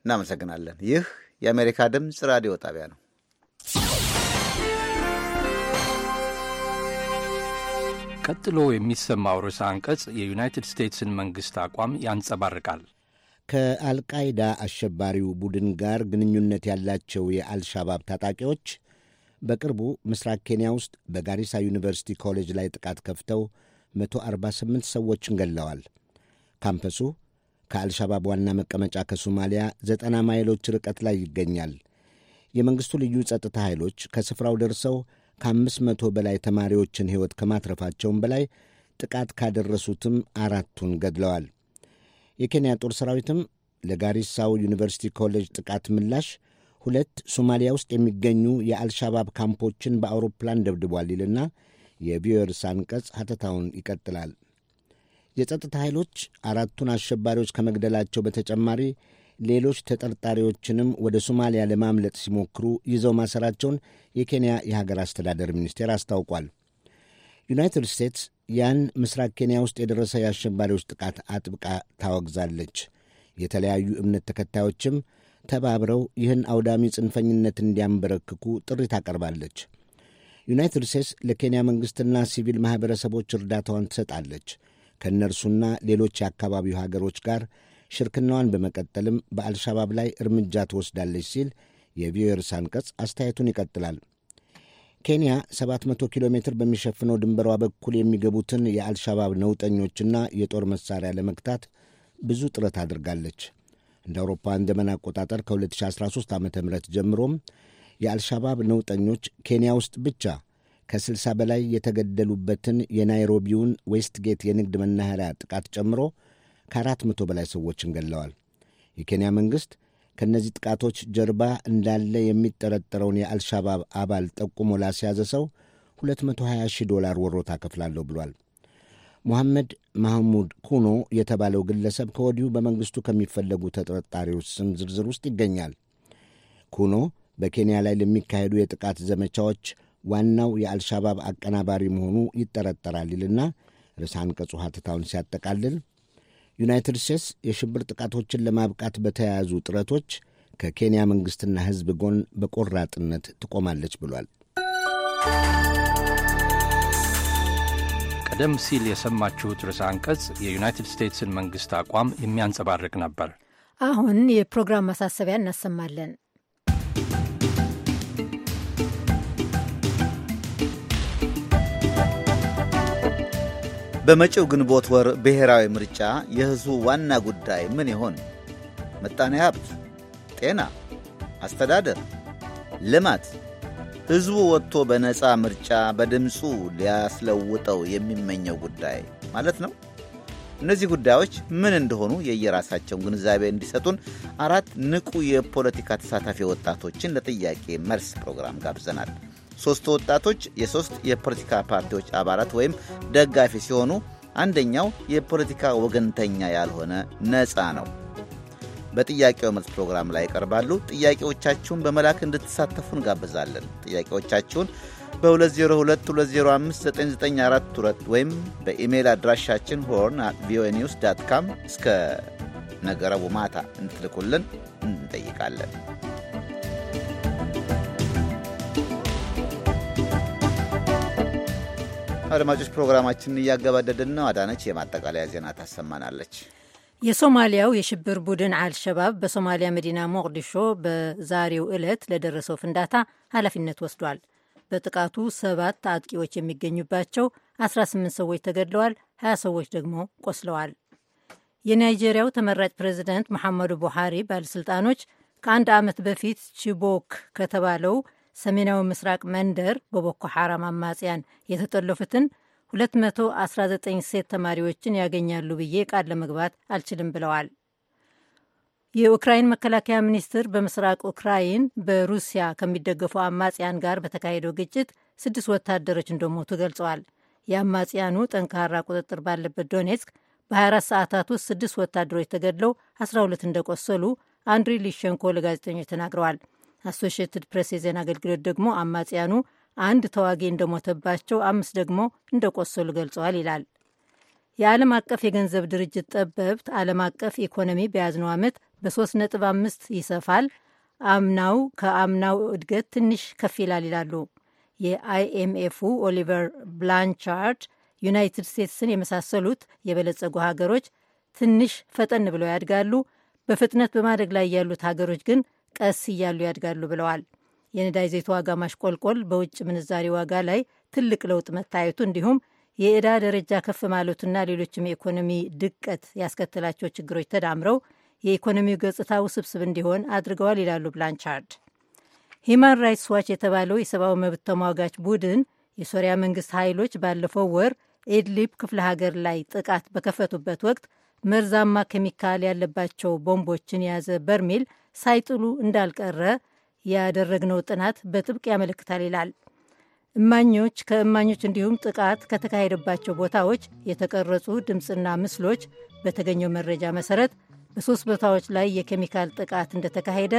እናመሰግናለን። ይህ የአሜሪካ ድምፅ ራዲዮ ጣቢያ ነው። ቀጥሎ የሚሰማው ርዕሰ አንቀጽ የዩናይትድ ስቴትስን መንግሥት አቋም ያንጸባርቃል። ከአልቃይዳ አሸባሪው ቡድን ጋር ግንኙነት ያላቸው የአልሻባብ ታጣቂዎች በቅርቡ ምስራቅ ኬንያ ውስጥ በጋሪሳ ዩኒቨርሲቲ ኮሌጅ ላይ ጥቃት ከፍተው 148 ሰዎችን ገለዋል። ካምፐሱ ከአልሻባብ ዋና መቀመጫ ከሶማሊያ ዘጠና ማይሎች ርቀት ላይ ይገኛል። የመንግሥቱ ልዩ ጸጥታ ኃይሎች ከስፍራው ደርሰው ከአምስት መቶ በላይ ተማሪዎችን ሕይወት ከማትረፋቸውም በላይ ጥቃት ካደረሱትም አራቱን ገድለዋል። የኬንያ ጦር ሰራዊትም ለጋሪሳው ዩኒቨርሲቲ ኮሌጅ ጥቃት ምላሽ ሁለት ሶማሊያ ውስጥ የሚገኙ የአልሻባብ ካምፖችን በአውሮፕላን ደብድቧል ይልና የቪዮርስ አንቀጽ ሐተታውን ይቀጥላል። የጸጥታ ኃይሎች አራቱን አሸባሪዎች ከመግደላቸው በተጨማሪ ሌሎች ተጠርጣሪዎችንም ወደ ሶማሊያ ለማምለጥ ሲሞክሩ ይዘው ማሰራቸውን የኬንያ የሀገር አስተዳደር ሚኒስቴር አስታውቋል። ዩናይትድ ስቴትስ ያን ምስራቅ ኬንያ ውስጥ የደረሰ የአሸባሪዎች ጥቃት አጥብቃ ታወግዛለች። የተለያዩ እምነት ተከታዮችም ተባብረው ይህን አውዳሚ ጽንፈኝነት እንዲያንበረክኩ ጥሪ ታቀርባለች። ዩናይትድ ስቴትስ ለኬንያ መንግሥትና ሲቪል ማኅበረሰቦች እርዳታዋን ትሰጣለች። ከእነርሱና ሌሎች የአካባቢው ሀገሮች ጋር ሽርክናዋን በመቀጠልም በአልሻባብ ላይ እርምጃ ትወስዳለች ሲል የቪዮርስ አንቀጽ አስተያየቱን ይቀጥላል። ኬንያ 700 ኪሎ ሜትር በሚሸፍነው ድንበሯ በኩል የሚገቡትን የአልሻባብ ነውጠኞችና የጦር መሳሪያ ለመግታት ብዙ ጥረት አድርጋለች። እንደ አውሮፓውያን ዘመን አቆጣጠር ከ2013 ዓ ም ጀምሮም የአልሻባብ ነውጠኞች ኬንያ ውስጥ ብቻ ከ60 በላይ የተገደሉበትን የናይሮቢውን ዌስትጌት የንግድ መናኸሪያ ጥቃት ጨምሮ ከአራት መቶ በላይ ሰዎችን ገለዋል። የኬንያ መንግሥት ከእነዚህ ጥቃቶች ጀርባ እንዳለ የሚጠረጠረውን የአልሻባብ አባል ጠቁሞ ላስያዘ ሰው 220 ሺህ ዶላር ወሮታ ከፍላለሁ ብሏል። ሙሐመድ ማህሙድ ኩኖ የተባለው ግለሰብ ከወዲሁ በመንግሥቱ ከሚፈለጉ ተጠርጣሪዎች ስም ዝርዝር ውስጥ ይገኛል። ኩኖ በኬንያ ላይ ለሚካሄዱ የጥቃት ዘመቻዎች ዋናው የአልሻባብ አቀናባሪ መሆኑ ይጠረጠራል ይልና ርዕሰ አንቀጹ ሐተታውን ሲያጠቃልል ዩናይትድ ስቴትስ የሽብር ጥቃቶችን ለማብቃት በተያያዙ ጥረቶች ከኬንያ መንግሥትና ሕዝብ ጎን በቆራጥነት ትቆማለች ብሏል። ቀደም ሲል የሰማችሁት ርዕሰ አንቀጽ የዩናይትድ ስቴትስን መንግሥት አቋም የሚያንጸባርቅ ነበር። አሁን የፕሮግራም ማሳሰቢያ እናሰማለን። በመጪው ግንቦት ወር ብሔራዊ ምርጫ የሕዝቡ ዋና ጉዳይ ምን ይሆን? ምጣኔ ሀብት፣ ጤና፣ አስተዳደር፣ ልማት ሕዝቡ ወጥቶ በነፃ ምርጫ በድምፁ ሊያስለውጠው የሚመኘው ጉዳይ ማለት ነው። እነዚህ ጉዳዮች ምን እንደሆኑ የየራሳቸውን ግንዛቤ እንዲሰጡን አራት ንቁ የፖለቲካ ተሳታፊ ወጣቶችን ለጥያቄ መልስ ፕሮግራም ጋብዘናል። ሦስቱ ወጣቶች የሦስት የፖለቲካ ፓርቲዎች አባላት ወይም ደጋፊ ሲሆኑ አንደኛው የፖለቲካ ወገንተኛ ያልሆነ ነፃ ነው። በጥያቄው መልስ ፕሮግራም ላይ ይቀርባሉ። ጥያቄዎቻችሁን በመላክ እንድትሳተፉ እንጋብዛለን። ጥያቄዎቻችሁን በ2022059942 ወይም በኢሜይል አድራሻችን ሆርን አት ቪኦኤ ኒውስ ዳት ካም እስከ ነገረቡ ማታ እንትልኩልን እንጠይቃለን። አድማጮች ፕሮግራማችንን እያገባደድን ነው። አዳነች የማጠቃለያ ዜና ታሰማናለች። የሶማሊያው የሽብር ቡድን አልሸባብ በሶማሊያ መዲና ሞቅዲሾ በዛሬው ዕለት ለደረሰው ፍንዳታ ኃላፊነት ወስዷል። በጥቃቱ ሰባት አጥቂዎች የሚገኙባቸው 18 ሰዎች ተገድለዋል፣ 20 ሰዎች ደግሞ ቆስለዋል። የናይጄሪያው ተመራጭ ፕሬዚደንት መሐመዱ ቡሃሪ ባለሥልጣኖች ከአንድ ዓመት በፊት ቺቦክ ከተባለው ሰሜናዊ ምስራቅ መንደር በቦኮ ሐራም አማጽያን የተጠለፉትን 219 ሴት ተማሪዎችን ያገኛሉ ብዬ ቃል ለመግባት አልችልም ብለዋል። የኡክራይን መከላከያ ሚኒስትር በምስራቅ ኡክራይን በሩሲያ ከሚደገፉ አማጽያን ጋር በተካሄደው ግጭት ስድስት ወታደሮች እንደሞቱ ገልጸዋል። የአማጽያኑ ጠንካራ ቁጥጥር ባለበት ዶኔትስክ በ24 ሰዓታት ውስጥ ስድስት ወታደሮች ተገድለው 12 እንደቆሰሉ አንድሪ ሊሸንኮ ለጋዜጠኞች ተናግረዋል። አሶሽትድ ፕሬስ የዜና አገልግሎት ደግሞ አማጽያኑ አንድ ተዋጊ እንደሞተባቸው፣ አምስት ደግሞ እንደቆሰሉ ገልጸዋል ይላል። የዓለም አቀፍ የገንዘብ ድርጅት ጠበብት ዓለም አቀፍ ኢኮኖሚ በያዝነው ዓመት በ3.5 ይሰፋል፣ አምናው ከአምናው እድገት ትንሽ ከፍ ይላል ይላሉ። የአይኤምኤፉ ኦሊቨር ብላንቻርድ ዩናይትድ ስቴትስን የመሳሰሉት የበለጸጉ ሀገሮች ትንሽ ፈጠን ብለው ያድጋሉ፣ በፍጥነት በማደግ ላይ ያሉት ሀገሮች ግን ቀስ እያሉ ያድጋሉ ብለዋል። የነዳጅ ዘይት ዋጋ ማሽቆልቆል በውጭ ምንዛሪ ዋጋ ላይ ትልቅ ለውጥ መታየቱ እንዲሁም የዕዳ ደረጃ ከፍ ማለቱና ሌሎችም የኢኮኖሚ ድቀት ያስከተላቸው ችግሮች ተዳምረው የኢኮኖሚው ገጽታ ውስብስብ እንዲሆን አድርገዋል ይላሉ ብላንቻርድ። ሂማን ራይትስ ዋች የተባለው የሰብአዊ መብት ተሟጋች ቡድን የሶሪያ መንግስት ኃይሎች ባለፈው ወር ኤድሊብ ክፍለ ሀገር ላይ ጥቃት በከፈቱበት ወቅት መርዛማ ኬሚካል ያለባቸው ቦምቦችን የያዘ በርሜል ሳይጥሉ እንዳልቀረ ያደረግነው ጥናት በጥብቅ ያመለክታል ይላል። እማኞች ከእማኞች እንዲሁም ጥቃት ከተካሄደባቸው ቦታዎች የተቀረጹ ድምፅና ምስሎች በተገኘው መረጃ መሰረት በሶስት ቦታዎች ላይ የኬሚካል ጥቃት እንደተካሄደ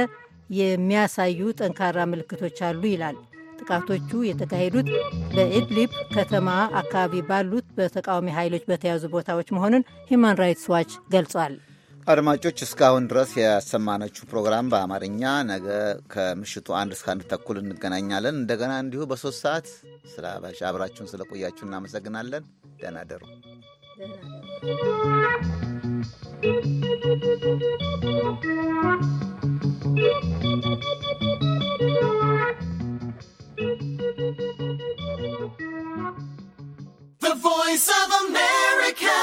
የሚያሳዩ ጠንካራ ምልክቶች አሉ ይላል። ጥቃቶቹ የተካሄዱት በኢድሊብ ከተማ አካባቢ ባሉት በተቃዋሚ ኃይሎች በተያዙ ቦታዎች መሆኑን ሂማን ራይትስ ዋች ገልጿል። አድማጮች እስካሁን ድረስ ያሰማነችው ፕሮግራም በአማርኛ ነገ ከምሽቱ አንድ እስከ አንድ ተኩል እንገናኛለን። እንደገና እንዲሁ በሶስት ሰዓት ስለ አብራችሁን ስለቆያችሁ እናመሰግናለን። ደህና ደሩ። The Voice of America